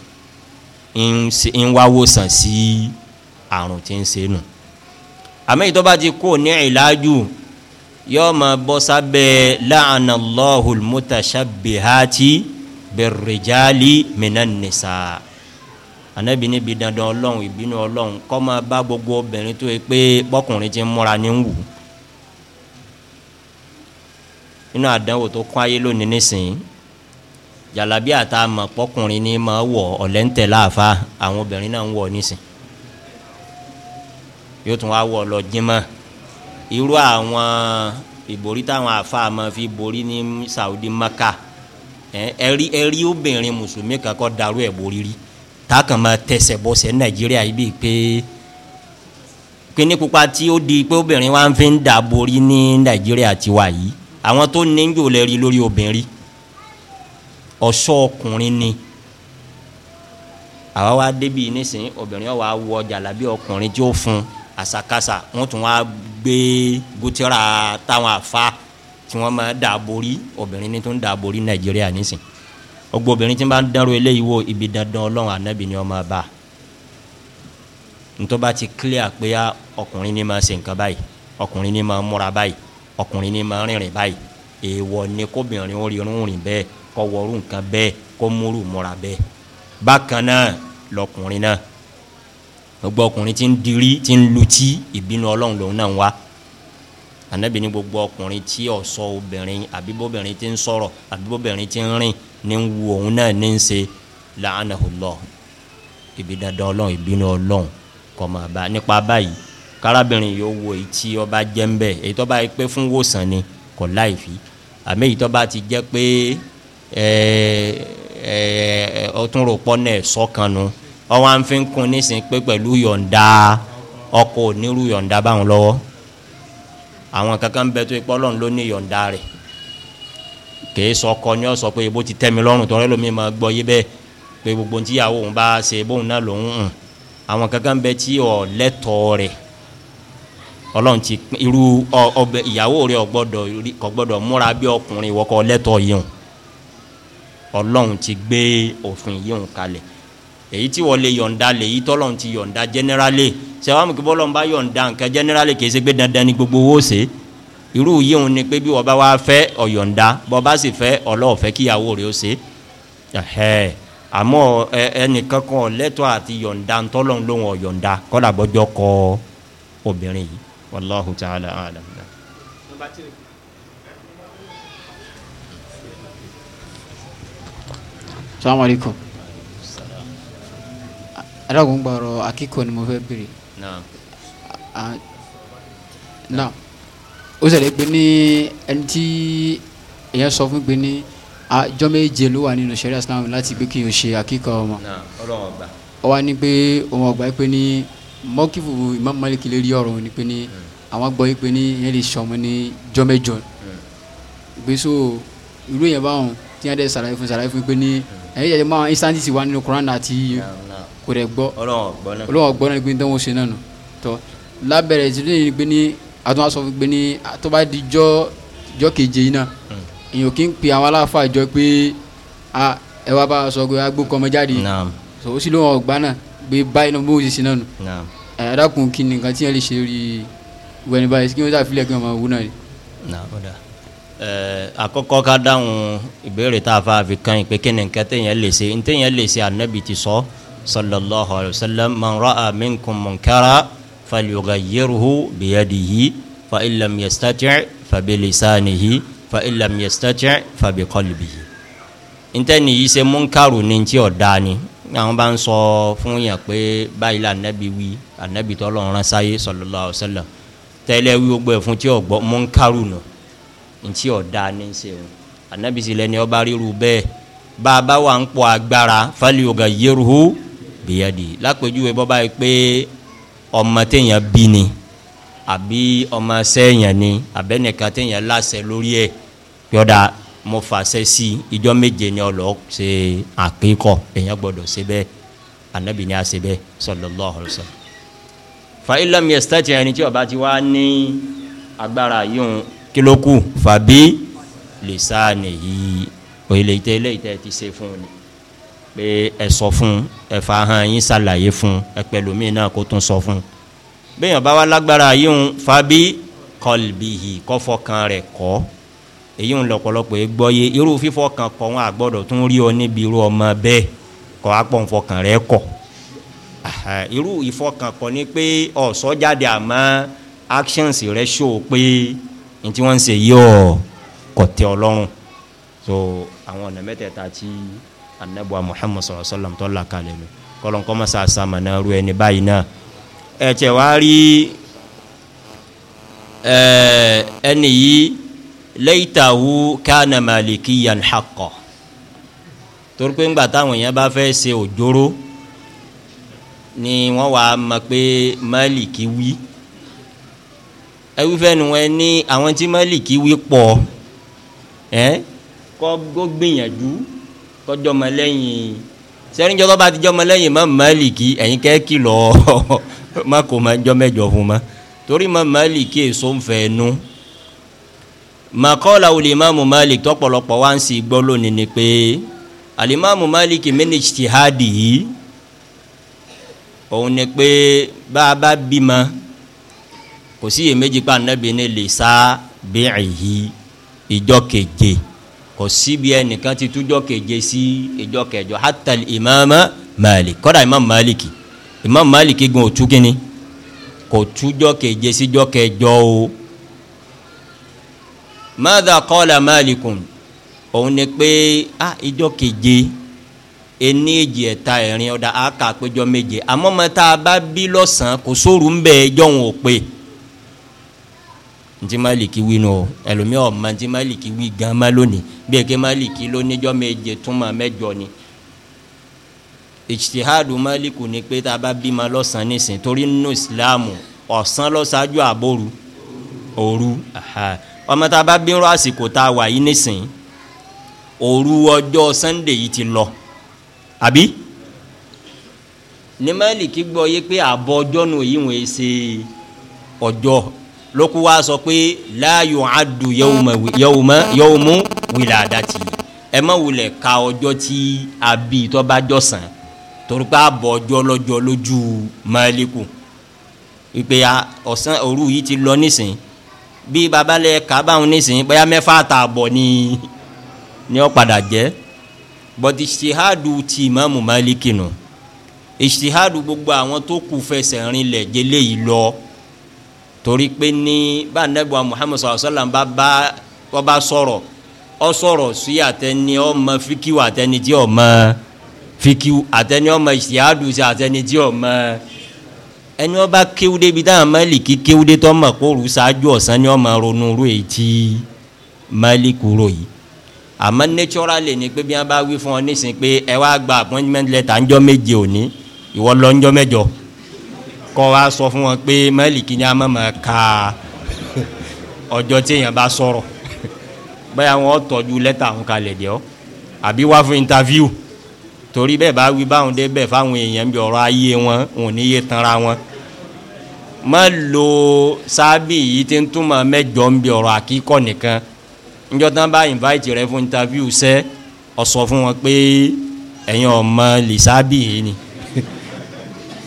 ń wá wòsàn sí àrùn tí ń ṣe nù àmọ́ èyí tó bá ti kó ní àìláàjù yóò máa bọ́ sábẹ́ láàánà lọ́hùn mọ́tàṣàbíhátì bẹ̀rẹ̀jálì mìíràn nìsa anabi níbi dandan ọlọ́run ìbínú ọlọ́run kọ́ bá gbogbo obìnrin tó yẹ pé bọ́kùnrin ti múra ní wù nínú àdánwò tó kọ́ ayé lónìí nísìnyí jàlábí àtà mọ̀ pọ́kùnrin ni ma wọ̀ ọ̀lẹ́ńtẹ̀ láàfa àwọn obìnrin náà ń wọ̀ nísìn yóò tún wá wọ̀ lọ jímọ̀ irú àwọn ìborí táwọn àfa máa fi borí ní saudi maka ẹ̀rí ẹ̀rí obìnrin mùsùlùmí kan kọ́ darú ẹ̀ borí rí ma máa tẹsẹ̀ bọ́sẹ̀ nàìjíríà yìí bíi pé kíní pupa tí ó di pé obìnrin wa ń fi ń dà borí ní nàìjíríà tiwa yìí àwọn tó ní ń jò lẹ́rí lórí obìnrin ọ̀ṣọ́ ọkùnrin ni àwa wa débi nísìnyí obìnrin wa wọ jàlábí ọkùnrin tí ó fún àsakasa wọn tún wá gbé gutira táwọn àfa tí wọn máa dà borí obìnrin ni tó ń dà borí nàìjíríà nísìnyí gbogbo obìnrin tí wọn bá ń dárò eléyìí wo ibi dandan ọlọ́run ànábì ni wọn máa bá ntọ́ba ti clear pé ọkùnrin ni máa ṣe nǹkan báyìí ọkùnrin ni máa múra báyìí ọkùnrin ni máa rìnrìn báyìí èèwọ̀ ni kóbìnrin ó rí irun bẹ́ẹ̀ kọ́ wọ́rù nǹkan bẹ́ẹ̀ kọ́ múrù múra bẹ́ẹ̀ bákan náà lọkùnrin náà gbogbo ọkùnrin tí ń dirí tí ń lutí ìbínú ọlọ́run lòun náà wá anabi ni gbogbo ọkùnrin tí ọ̀sọ́ obìnrin àbí bóbìnrin tí ń sọ̀rọ̀ àbí bóbìnrin tí ń rìn ní ń wu òun náà ní ń ṣe la'anahullah ibi dandan ọlọ́run ìbínú ọlọ́run kọ́ máa bá nípa báyìí kárábìnrin yóò wo èyí tí ọba jẹ́ ń bẹ̀ èyí tó bá yẹ pé fún wòsàn ni kò láì fi àmì èyí tó bá ti jẹ́ pé ọtún rò pọ́ náà sọ́kànnù ọwọ́ à ń fi kún nísìnyí pé pẹ̀lú yọ̀ǹda ọkọ̀ onírú yọ̀ǹda báwọn lọ́wọ́ àwọn kankan bẹ tó ipọ́ lọ́run ló ní yọ̀ǹda rẹ̀ ni ọ sọ pé ti tẹ́ mi lọ́rùn tọ́rẹ́ lómi máa gbogbo ní tíyàwó òun bá ṣe bóun náà lòun hàn àwọn kankan bẹ tí ọ ti irú ìyàwó rẹ̀ ọgbọ́dọ̀ múra bí ọkùnrin ọlọ́run ti gbé òfin yìí ń kalẹ̀ èyí tí wọ́n lè yọ̀ǹda lè yí tọ́lọ́run ti yọ̀ǹda generally sẹ́wọ́n kí bọ́lọ́run bá yọ̀ǹda nǹkan generally kì í ṣe pé dandan ni gbogbo owó ṣe irú yìí ń ni pé bí wọ́n bá wá fẹ́ ọ̀yọ̀ǹda bọ́ bá sì fẹ́ ọlọ́ọ̀fẹ́ kíyàwó rẹ̀ ó ṣe àmọ́ ẹnìkan kan lẹ́tọ̀ àti yọ̀ǹda tọ́lọ́run lóhun ọ̀yọ̀ǹda kọ́dà gbọ́jọ́ kọ obìnrin yìí wàláhùn salamu alaikum adágún gba ọ̀rọ̀ akíkọ ni mo fẹ́ bèrè náà ó ṣẹlẹ̀ pé ní ẹni tí èèyàn sọ fún pé ní àjọ méje ló wà nínú sẹ́ríà islam láti pé kí n ṣe akíkọ ọmọ ọ wá ní pé òun ọgbà pé ní mọ́kìfù Imam lè rí ọ̀rọ̀ ni pé ní àwọn gbọ́ pé ní ìyẹn lè ṣọmọ ní jọ́mẹ́jọ gbèsò irú yẹn báwọn tí wọ́n dẹ̀ ṣàlàyé fún ṣàlàyé fún pé ní ẹ̀yìn ìjẹ́jẹ́ máa instances wà nínú Quran àti kò rẹ̀ gbọ́ Ọlọ́run gbọ́ náà gbé ní tẹ́wọ́n ṣe náà nù tọ́ lábẹ́rẹ́ ìdílé yìí gbé ní àtúntò sọ fún gbé ní tó keje yìí náà hmm. èèyàn pe àwọn aláfa ìjọ pé ẹ wá bá a sọ pé agbó kọ́ ọmọ jáde ó sì lóun ọ̀gbá náà gbé báyìí náà bó ṣe ṣe náà nù ẹ̀ẹ́dàkùn kí nìkan tí wọ́n lè ṣe rí wẹ́ni báyìí kí wọ́n dà fílẹ̀ kí wọ́n máa wú náà rí. Eh, àkọ́kọ́ ká dáhùn ìbéèrè tá a fa àfi kan ìpè kí ni nǹkan téèyàn lè ṣe téèyàn lè ṣe ànábì ti sọ sallallahu alayhi wa sallam man ra'a minkum munkara falyughayyirhu biyadihi fa illam yastati' fa bilisanihi fa illam yastati' fa biqalbihi. ntẹ́ni yìí ṣe munkaru ní ti ọ̀dà ni àwọn bá ń sọ fún yàn pé báyìí la ànábì wí ànábì tọ́lọ́run sáyé sallallahu alayhi wa sallam tẹ́lẹ̀ wí gbogbo ẹ̀ fún tí ọ̀gbọ́ munkaru náà ntí ọ̀dà ní í ṣe o anabisi lẹni ọba ríru bẹ́ẹ̀ bàbá wa ń pọ̀ agbára fali oga yeruhu bìyàdì lápèjúwe bọ́ba yìí pé ọmọ téèyàn bí ni àbí ọmọ sẹ́yìn ni àbẹ́nìkan téèyàn láṣẹ lórí ẹ̀ yọ̀dà mo fàṣẹ sí ìjọ méje ni ọlọ́ ṣe àkíkọ̀ èèyàn gbọ́dọ̀ ṣe bẹ́ẹ̀ anabi ni a ṣe bẹ́ẹ̀ sallallahu alaihi wasallam fa ilam yastati ẹni tí ọba ti wá ní agbára yìí kílókù fàbí lè sáà nìyí òyìnlẹ̀ ìtẹ́ ilé ìtẹ́ ti ṣe fún ni pé ẹ sọ fún ẹ fa hàn yín ṣàlàyé fún ẹ pẹ̀lúmí náà kó tún sọ fún bẹ́ẹ̀ yàn bá wá lágbára yíhun fàbí kọlbìhì kọ́fọ́kan rẹ̀ kọ́ èyí ń lọ̀pọ̀lọpọ̀ gbọ́yé irú fífọ́kan kọ́ wọn àgbọ́dọ̀ tún rí ọ níbi irú ọmọ bẹ́ẹ̀ kọ́ apọ̀ nfọkàn rẹ̀ kọ́ irú ìfọkàn kọ́ ni pé ọ̀sọ́ jáde àmọ́ actions rẹ̀ ṣó o pé. So, ní tí wọ́n ń ṣe yíò kọ̀tẹ́ ọlọ́run so àwọn ọ̀nà mẹ́tẹ̀ẹ̀ta tí anabu muhammad sọ̀rọ̀ sọ́làm tó là kalẹ̀ lọ kọ́lọ́n kọ́ mọ́sá sàmànà ru ẹni báyìí náà ẹ̀tẹ̀ wá rí ẹni yìí lẹ́yìntàwù kánà màlìkì yàn xàkọ́ torí pé ńgbà táwọn èèyàn bá fẹ́ ṣe òjòrò ni wọ́n wàá mọ̀ pé màlìkì wí ẹwúfẹ́ nu wọn ní àwọn tí málìkì wí pọ̀ ẹ́ kọ́ gbìyànjú kọjọ́ mọ lẹ́yìn sẹ́ríńjọ́ tó bá ti jọ́ mọ lẹ́yìn mọ́ málìkì ẹ̀yin kẹ́ kìlọ̀ má kò má jọ́ fún ma torí mọ́ málìkì èso ń fẹ́ nu màkọ́lá olè imáàmù malik tọ́pọ̀lọpọ̀ wá ń sì gbọ́ lónìí ni pé alimamu malik minich òun ni pé bá a bá kò sí iyèméjì pa anabi ní lè sá bẹ́ẹ̀hì ìjọ keje kò síbi ẹnìkan ti tújọ keje sí ìjọ kẹjọ hatal imama malik kọ́dà imam maliki imam maliki gun òtú kínní kò tújọ keje síjọ kẹjọ o mada kọ́la malikun òun ni pé a ìjọ keje ení èjì ẹ̀ta ẹ̀rin ọ̀dà àkàpéjọ méje àmọ́ mọ́ta bá bí lọ́sàn-án kò sóòrù ń bẹ̀ ẹjọ́ ntí maliki wí nù o, ẹlòmíì ọmọ ntí maliki wí gan má lónìí bí eke maliki lóníjọ méje túmọ̀ mẹ́jọ ni ìṣtihadu maliku ni pé tá a bá bímọ lọ́sàn-án nísìn torí nínú ìsìláàmù ọ̀sán lọ́sàájú àbóru òru ọmọ tá a bá bírọ àsìkò tá a wà yìí nísìn òru ọjọ́ sunday yìí ti lọ àbí ní maliki gbọ́ yé pé àbọ̀ ọjọ́ nù yìí wọ́n ṣe ọjọ́ lóku wa sọ pé láàyò adu yawmu wiladati ẹ má wulẹ̀ ka ọjọ́ tí a bí tọ́ bá jọ sàn torí pé a bọ̀ ọjọ́ lọ́jọ́ lójú Málíkù ìpè ọ̀sán òru yìí ti lọ nísìnyí bí babalẹ̀ kábàáhùn nísìnyí bóyá mẹ́fà àtààbọ̀ ni ni ó padà jẹ́ bọ́dí ìṣtihádù ti ìmáàmù Málíkì nù ìṣtihádù gbogbo àwọn tó kù fẹsẹ̀ rinlẹ̀ jẹ́lẹ̀ yìí torí pé ní bá nẹ́bù muhammed sọ̀rọ̀ sọ́là bá bá wọ́n bá sọ̀rọ̀ ọ sọ̀rọ̀ sí àtẹni ọmọ fíkíw àtẹni tí ọmọ fíkíw àtẹni ọmọ ìṣíádùn sí àtẹni tí ọmọ ẹni wọn bá kéwúdé bíi táwọn mẹ́lìkì kéwúdé tó mọ̀ kó rú ṣáájú ọ̀sán ni wọ́n ronú rú èyí tí mẹ́lìkù rò yìí àmọ́ naturally ni pé bí wọ́n bá wí fún ọ nísìnyí pé ẹ wá gba appointment letter ńjọ́ méje òní ìwọ lọ ńjọ́ mẹ́jọ kọ́ wa sọ fún wọn pé mẹ́lìkì ni a mọ̀ mọ̀ ká ọjọ́ tí èèyàn bá sọ̀rọ̀ bẹ́ẹ̀ àwọn tọ́jú lẹ́tà àwọn kalẹ̀ dẹ́ ọ́ àbí wá fún interview torí bẹ́ẹ̀ bá wí báwọn dé bẹ́ẹ̀ fáwọn èèyàn bí ọ̀rọ̀ ayé wọn wọn ò ní yé tanra wọn mọ lo sábì yìí ti ń túmọ̀ mẹ́jọ ń bí ọ̀rọ̀ àkíkọ̀ nìkan níjọ́ tán bá invite rẹ fún interview sẹ́ ọ sọ fún wọn pé ẹ̀yin ọmọ lè sábì yìí ni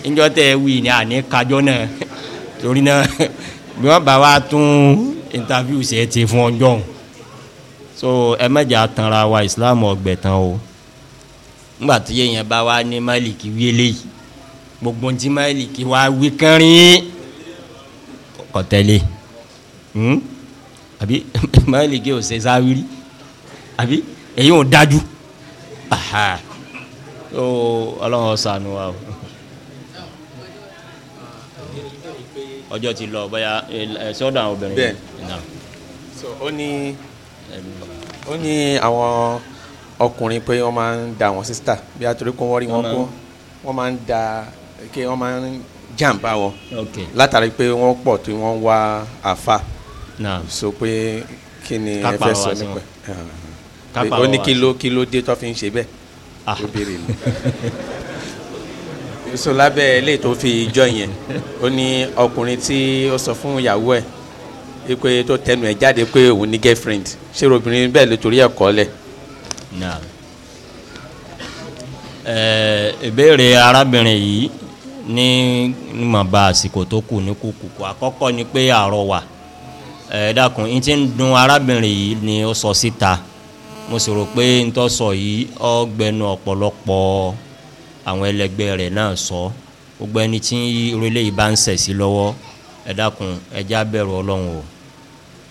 níjọ́ tẹ wí ni àní kájọ́ náà torí náà bí wọ́n bá wa tún interview ṣe ti fún ọjọ́ òun so ẹ mẹ́jà tanra wa islam ọgbẹ̀ tán o nígbà tí yẹn bá wa ní máìlìkì wí eléyìí gbogbo ntí maliki wa wí kẹrin kọtẹ́lẹ̀ hmm? àbí máìlìkì ò ṣe sáwìrì àbí èyí ò dájú aha so ọlọ́run ọ̀sán ni wa o. ọjọ́ ti lọ bóyá sọ́dọ̀ àwọn obìnrin. bẹ́ẹ̀ so ó ní ó ní àwọn ọkùnrin pé wọ́n máa ń da àwọn sísítà bí atorí kó wọ́n rí wọn kó wọ́n máa ń da kí wọ́n máa ń jàǹbá wọn látàrí pé wọ́n pọ̀ tí wọ́n wá àfa so pé kí ni ẹ fẹ́ sọ nípa ó ní kí ló kí ló dé tó fi ń ṣe bẹ́ẹ̀ ah. ó béèrè ni. so lábẹ́ ilé tó fi jọ yẹn ó ní ọkùnrin tí ó sọ fún ìyàwó ẹ̀ pé tó tẹnu ẹ̀ jáde pé òun ní girlfriend ṣé obìnrin bẹ́ẹ̀ ló torí ẹ̀ kọ́ lẹ̀. ìbéèrè arábìnrin yìí ní mọ̀ba àsìkò tó kù ní kúkú àkọ́kọ́ ni pé àrọwà ẹ̀ dákun ní ti ń dun arábìnrin yìí ni ó sọ síta mo sì rò pé ń tọ́ sọ yìí ó gbẹnu ọ̀pọ̀lọpọ̀ àwọn ẹlẹgbẹ́ rẹ̀ náà sọ gbogbo ẹni tí ìrọ̀lẹ́ yìí bá ń sẹ̀ sí lọ́wọ́ ẹ dákun ẹjá bẹ̀rù ọlọ́run o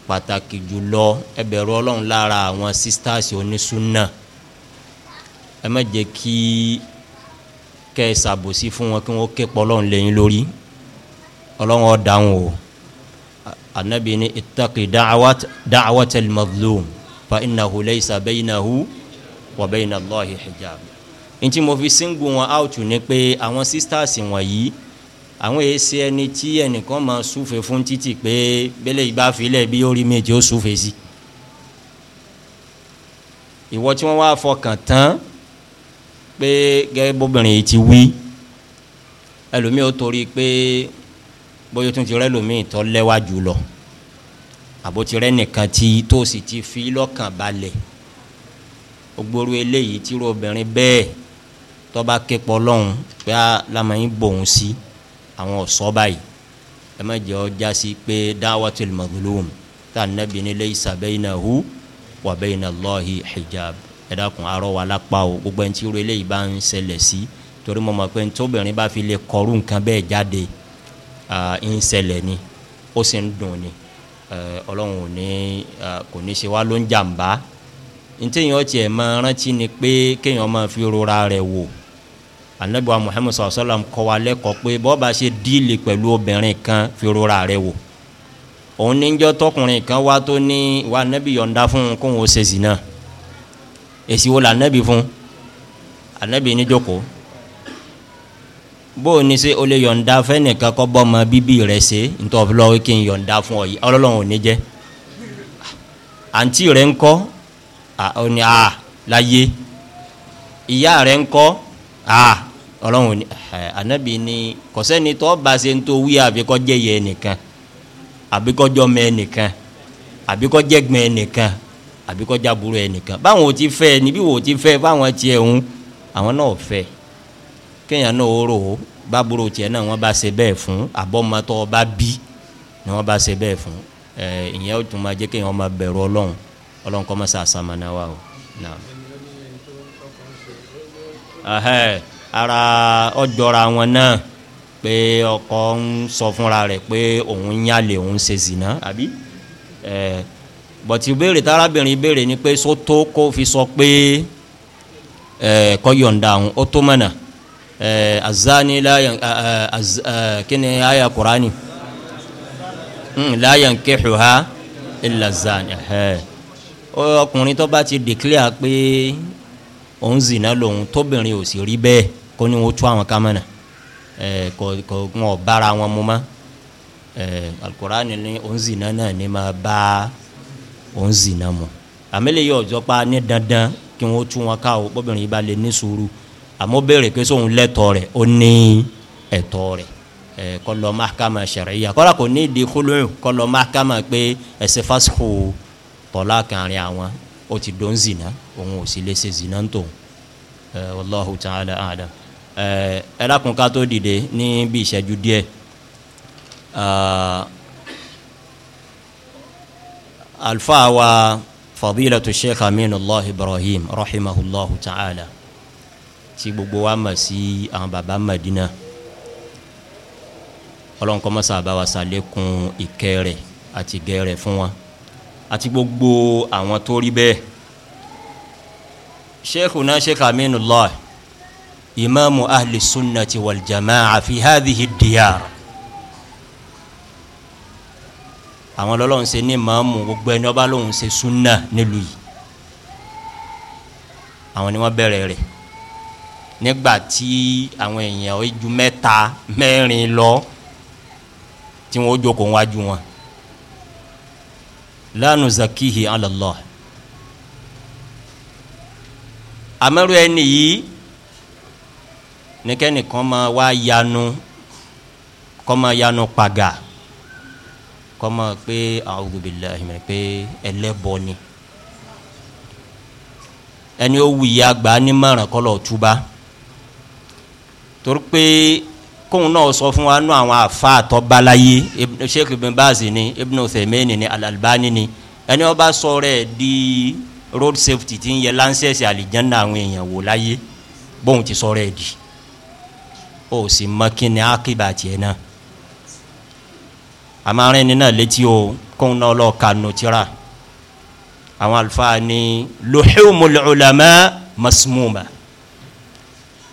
pàtàkì jùlọ ẹ bẹ̀rù ọlọ́run lára àwọn sisters onísúnà ẹ má jẹ́ kí kẹ́ ẹ ṣàbòsí fún wọn kí wọ́n ké pọ̀ lẹ́yìn lórí ọlọ́run ọ̀ dáhùn o anabi ni itaki da'awat al-mazlum fa innahu laysa baynahu wa bayna allahi hijab ntí mo fi single wọn out ni pé àwọn sisters wọ̀nyí àwọn èsì ẹni tí ẹnìkan máa súfe fún títì pé bẹ́lẹ̀ ìbá filẹ̀ bí ó rí méje ó súfe sí ìwọ tí wọ́n wá fọkàn tán pé gẹ́gẹ́ bóbìnrin yìí ti wí ẹlòmíì ó torí pé bóyá tún ti rẹ́ lòmíì tó lẹ́wà jù lọ àbótí rẹ́ nìkan tí tó sì ti fi lọ́kàn balẹ̀ ó gbóru eléyìí tí irú obìnrin bẹ́ẹ̀ tọ́ba képọ̀ lọ́hùn pé a lamẹ́yìn bòun sí àwọn ọ̀sọ́ báyìí ẹ má jẹ́ ọ jásí pé dáwàtul mazlum tá a nẹ́bi ní laysa bainahu wa baina Allahi hijab ẹ dákun arọ wa lápá o gbogbo ẹni tí irú eléyìí bá ń ṣẹlẹ̀ sí torí mo mọ̀ pé ntóbìnrin bá fi lè kọrú nǹkan bẹ́ẹ̀ jáde ń ṣẹlẹ̀ ni ó sì ń dùn ni ọlọ́run ò ní kò ní ṣe wá ló ń jàǹbá ntẹ́yìn ọtí ẹ̀ máa rántí ni pé kéèyàn máa fi rora rẹ̀ wò anabiwa muhammed sallallahu alaihi wa sallam kọ́ wa lẹ́kọ̀ọ́ pé bọ́ba ṣe díìlì pẹ̀lú obìnrin kan fi rora rẹ wò òun níjọ́ tọkùnrin kan wá tó ní wa anabi yọ̀ǹda fún un kó ń ṣe sí náà èsì wo la anabi fún anabi níjókòó bó o ní sẹ́ o lè yọ̀ǹda fẹ́nìkan kọ́ bọ́ ọmọ bíbí rẹ̀ ṣe ntọ́ lọ́wọ́ kí n yọ̀ǹda fún ọ yìí ọlọ́run ò ní jẹ́ àǹtí rẹ̀ ń kọ́ ọ ní a láyé ìyá rẹ̀ ń kọ́ ah ọlọ́run anabi ni eh, kọ̀sẹ́ni tó bá ṣe ń tó wí àbíkọ́jẹ́ yẹ nìkan àbíkọ́jọ́ mẹ́ nìkan àbíkọ́jẹ́ gbẹ́ nìkan àbíkọ́já burú ẹ nìkan báwọn ò ti fẹ́ níbí wò ó ti fẹ́ báwọn tiẹ̀ ń àwọn náà fẹ́ kéèyàn náà ó rò ó bábúrò tiẹ̀ náà wọ́n bá ṣe bẹ́ẹ̀ fún àbọ̀mọtọ́ bá bí ni wọ́n bá ṣe bẹ́ẹ̀ fún ẹ eh, ìyẹn tún máa jẹ́ kéèyàn máa bẹ̀rù ọlọ́run ọlọ́run kọ́ mọ́ sàṣàmánà wa o. Nah ara ọjọra wọn náà pé ọkọ ń sọ fúnra rẹ̀ pé òun ń yálè òun ṣe zìnà àbí bọ̀tí béèrè tárábìnrin béèrè ni pé sótó kó fi sọ pé kọ́yọ̀ǹda òun ó tó mọ̀nà azani layan kini aya kurani hmm, layan kehuha illa zani ọkùnrin tó bá ti declare pé òun zìnà lòun tóbìnrin ò sì rí bẹ́ẹ̀ kó ní wọ́n tú àwọn kámẹ́nà ẹ̀ kò kò wọn ò bára wọn mú mọ́ ẹ̀ alukurani ní òun zìnà náà ní máa bá òun zìnà mu àmẹ́lẹ́ yóò jọ pa ní dandan kí wọ́n tú wọn ká o bóbìnrin yìí bá lè ní sùúrù àmọ́ béèrè pé sóun lẹ́tọ̀ọ́ rẹ̀ ó ní ẹ̀tọ́ rẹ̀ ẹ̀ kọ́lọ́ mahakama sẹ̀ríyà kọ́lá kò ní ìdí kúlóyún kọ́lọ́ mahakama pé ẹ̀sẹ̀ fásikò tọ́lá kàrin àwọn ó ti dó ń zìnà òun ò sì lè ṣe zina ń tòun wallahu ta'ala a'lam ẹ lákun ká tó dìde ní bí ìṣẹ́jú díẹ̀ alfa wa fadilatu sheikh aminullah ibrahim rahimahullahu ta'ala tí gbogbo wa mọ̀ sí àwọn baba madina ọlọ́run kọ́ mọ́sá àbáwá sàlékún ìkẹ́ rẹ̀ àti fún wa àti gbogbo àwọn tó bẹ́ẹ̀ شيخنا شيخ أمين الله إمام أهل السنة والجماعة في هذه الديار àwọn ọlọ́run ṣe ní màámu gbogbo ẹni ọba lòun ṣe súnà nílùú yìí àwọn ni wọ́n bẹ̀rẹ̀ rẹ̀ nígbà tí àwọn èèyàn ju mẹ́ta mẹ́rin lọ tí wọ́n jókòó wájú wọn la nuzakihi ala àmọ́rú ẹni yìí nìkẹ́nìkan máa wá yanu kọ́ máa yanu paga kọ́ máa pé a'udhu billahi min pé ẹlẹ́bọ ni ẹni ó wù yá gbà á ní márùn kọ́ lọ́ọ́ túbá torí pé kóun náà sọ fún wa nú àwọn àfa àtọ́báláyé sheikh ibn baz ni ibn uthaymin ni al-albani ni ẹni ó bá sọ rẹ̀ di road safety ti ń yẹ lancers alijanna àwọn èèyàn wò láyé bóun ti sọ̀rọ̀ ẹ di o sì mọ kí ni akíba tiẹ̀ náà amarin nínà létí o kóun náà lọ ka nùtírà àwọn àlùfáà ni luhumul ulama masmuma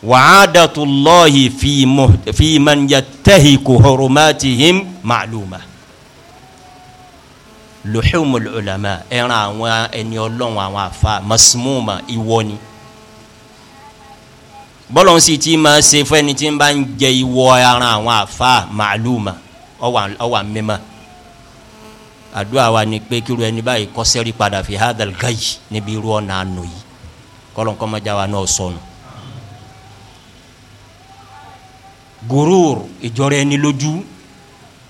wa'adatullahi fi man yattahiku hurmatihim ma'luma luhumul ulama ẹran àwọn ẹni ọlọ́run àwọn àfa masmuma ìwọ ni bọ́lọ̀ sì ti máa ṣe fún ẹni tí ń bá ń jẹ ìwọ ẹran àwọn àfa màálùmá ọwà mímọ́ àdúrà wa ni pé kíru ẹni báyìí kọ́sẹ́rì padà fi hadal gayi níbi irú ọ̀nà àná yìí kọ́lọ́nkọ́mọjà wa náà sọnù. gurur ìjọra ẹni lójú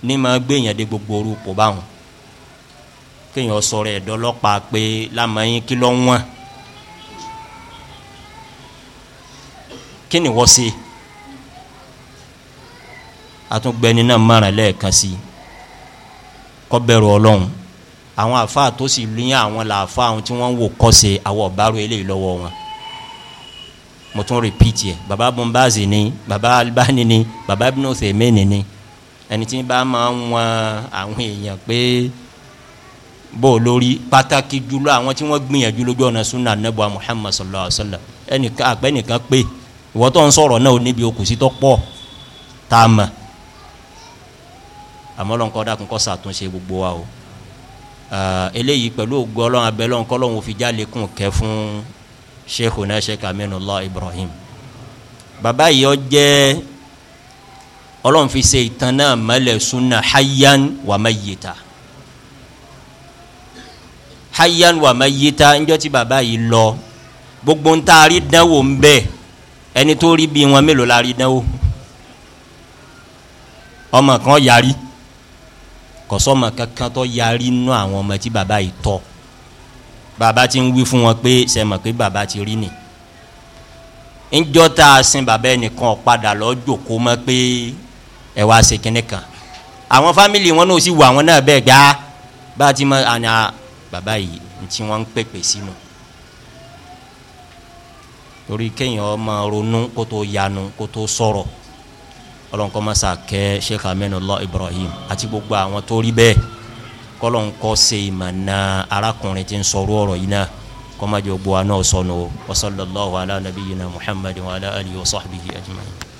ní máa gbé yẹn dé gbogbo orúkọ báwọn kéèyàn sọ̀rọ̀ ẹ̀dọ́ ọlọ́pàá pé lamẹ́yìn kí ló ń wọ́n kí ni wọ́n ṣe àtúngbẹ́ni náà márùn lẹ́ẹ̀kan sí kọ́bẹ̀rù ọlọ́run àwọn àfa tó sì lóyún àwọn làáfà àwọn tí wọ́n ń wò kọ́sẹ̀ àwọn ọ̀bárò eléyìí lọ́wọ́ wọn mo tún rìpíìtì ẹ̀ baba bombazi ni baba albani ni baba ibn Uthaymin ni ẹni tí bá máa ń wọn àwọn èèyàn pé. Pe bó o lórí pàtàkì jùlọ àwọn tí wọ́n gbìyànjú lójú ọ̀nà sunna nebo muhammad sallallahu alayhi wa sallam ẹnìkan àpẹ́ nìkan pé ìwọ́n tó ń sọ̀rọ̀ náà níbi okùsí tó pọ̀ tá a mọ̀ àmọ́ lọ́n kọ́ dákun kọ́ sàtúnṣe gbogbo wa o eléyìí pẹ̀lú ògbó ọlọ́run abẹ́lọ́n kọ́ lọ́run òfin jáde kẹ́ fún sheikhu náà sheikh aminullah ibrahim bàbá yìí ọ jẹ́ ọlọ́run fi ṣe ìtàn náà mọ́lẹ̀ sunna hayyan wa hayan wa mayita njọ́ tí baba yìí lọ gbogbo ntaari dánwò ń bẹ ẹni tó rí bí wọn mélòó la rí dánwò ọmọ kan yarí kọsọmọ kankan tó yarí nù àwọn ọmọ tí baba yìí tọ́ baba ti ń wí fún wọn pé sẹmọ pé baba ti rí ni njọ́ tá sin baba ẹnìkan padà lọ jòkó mọ́ pé ẹ wá ṣe kinní kan àwọn fámìlì wọn náà sì wà wọn náà bẹ́ẹ̀ gbá bá ti mọ àná bàbá yìí ntí wọn ń pèpè sínú torí kéèyàn ọmọ ronú kótó yanu kótó sọ̀rọ̀ ọlọ́nkọ́ masa kẹ́ sheikh aminullah ibrahim àti gbogbo àwọn tó rí bẹ́ẹ̀ kọ́lọ́nkọ́ ṣe ìmọ̀nà arákùnrin tí ń sọ̀rọ̀ ọ̀rọ̀ yìí náà kọ́májọ gbọ́ àná sọnù o wa sallallahu ala nabiyyina muhammadin wa ala alihi wa sahbihi ajma'in.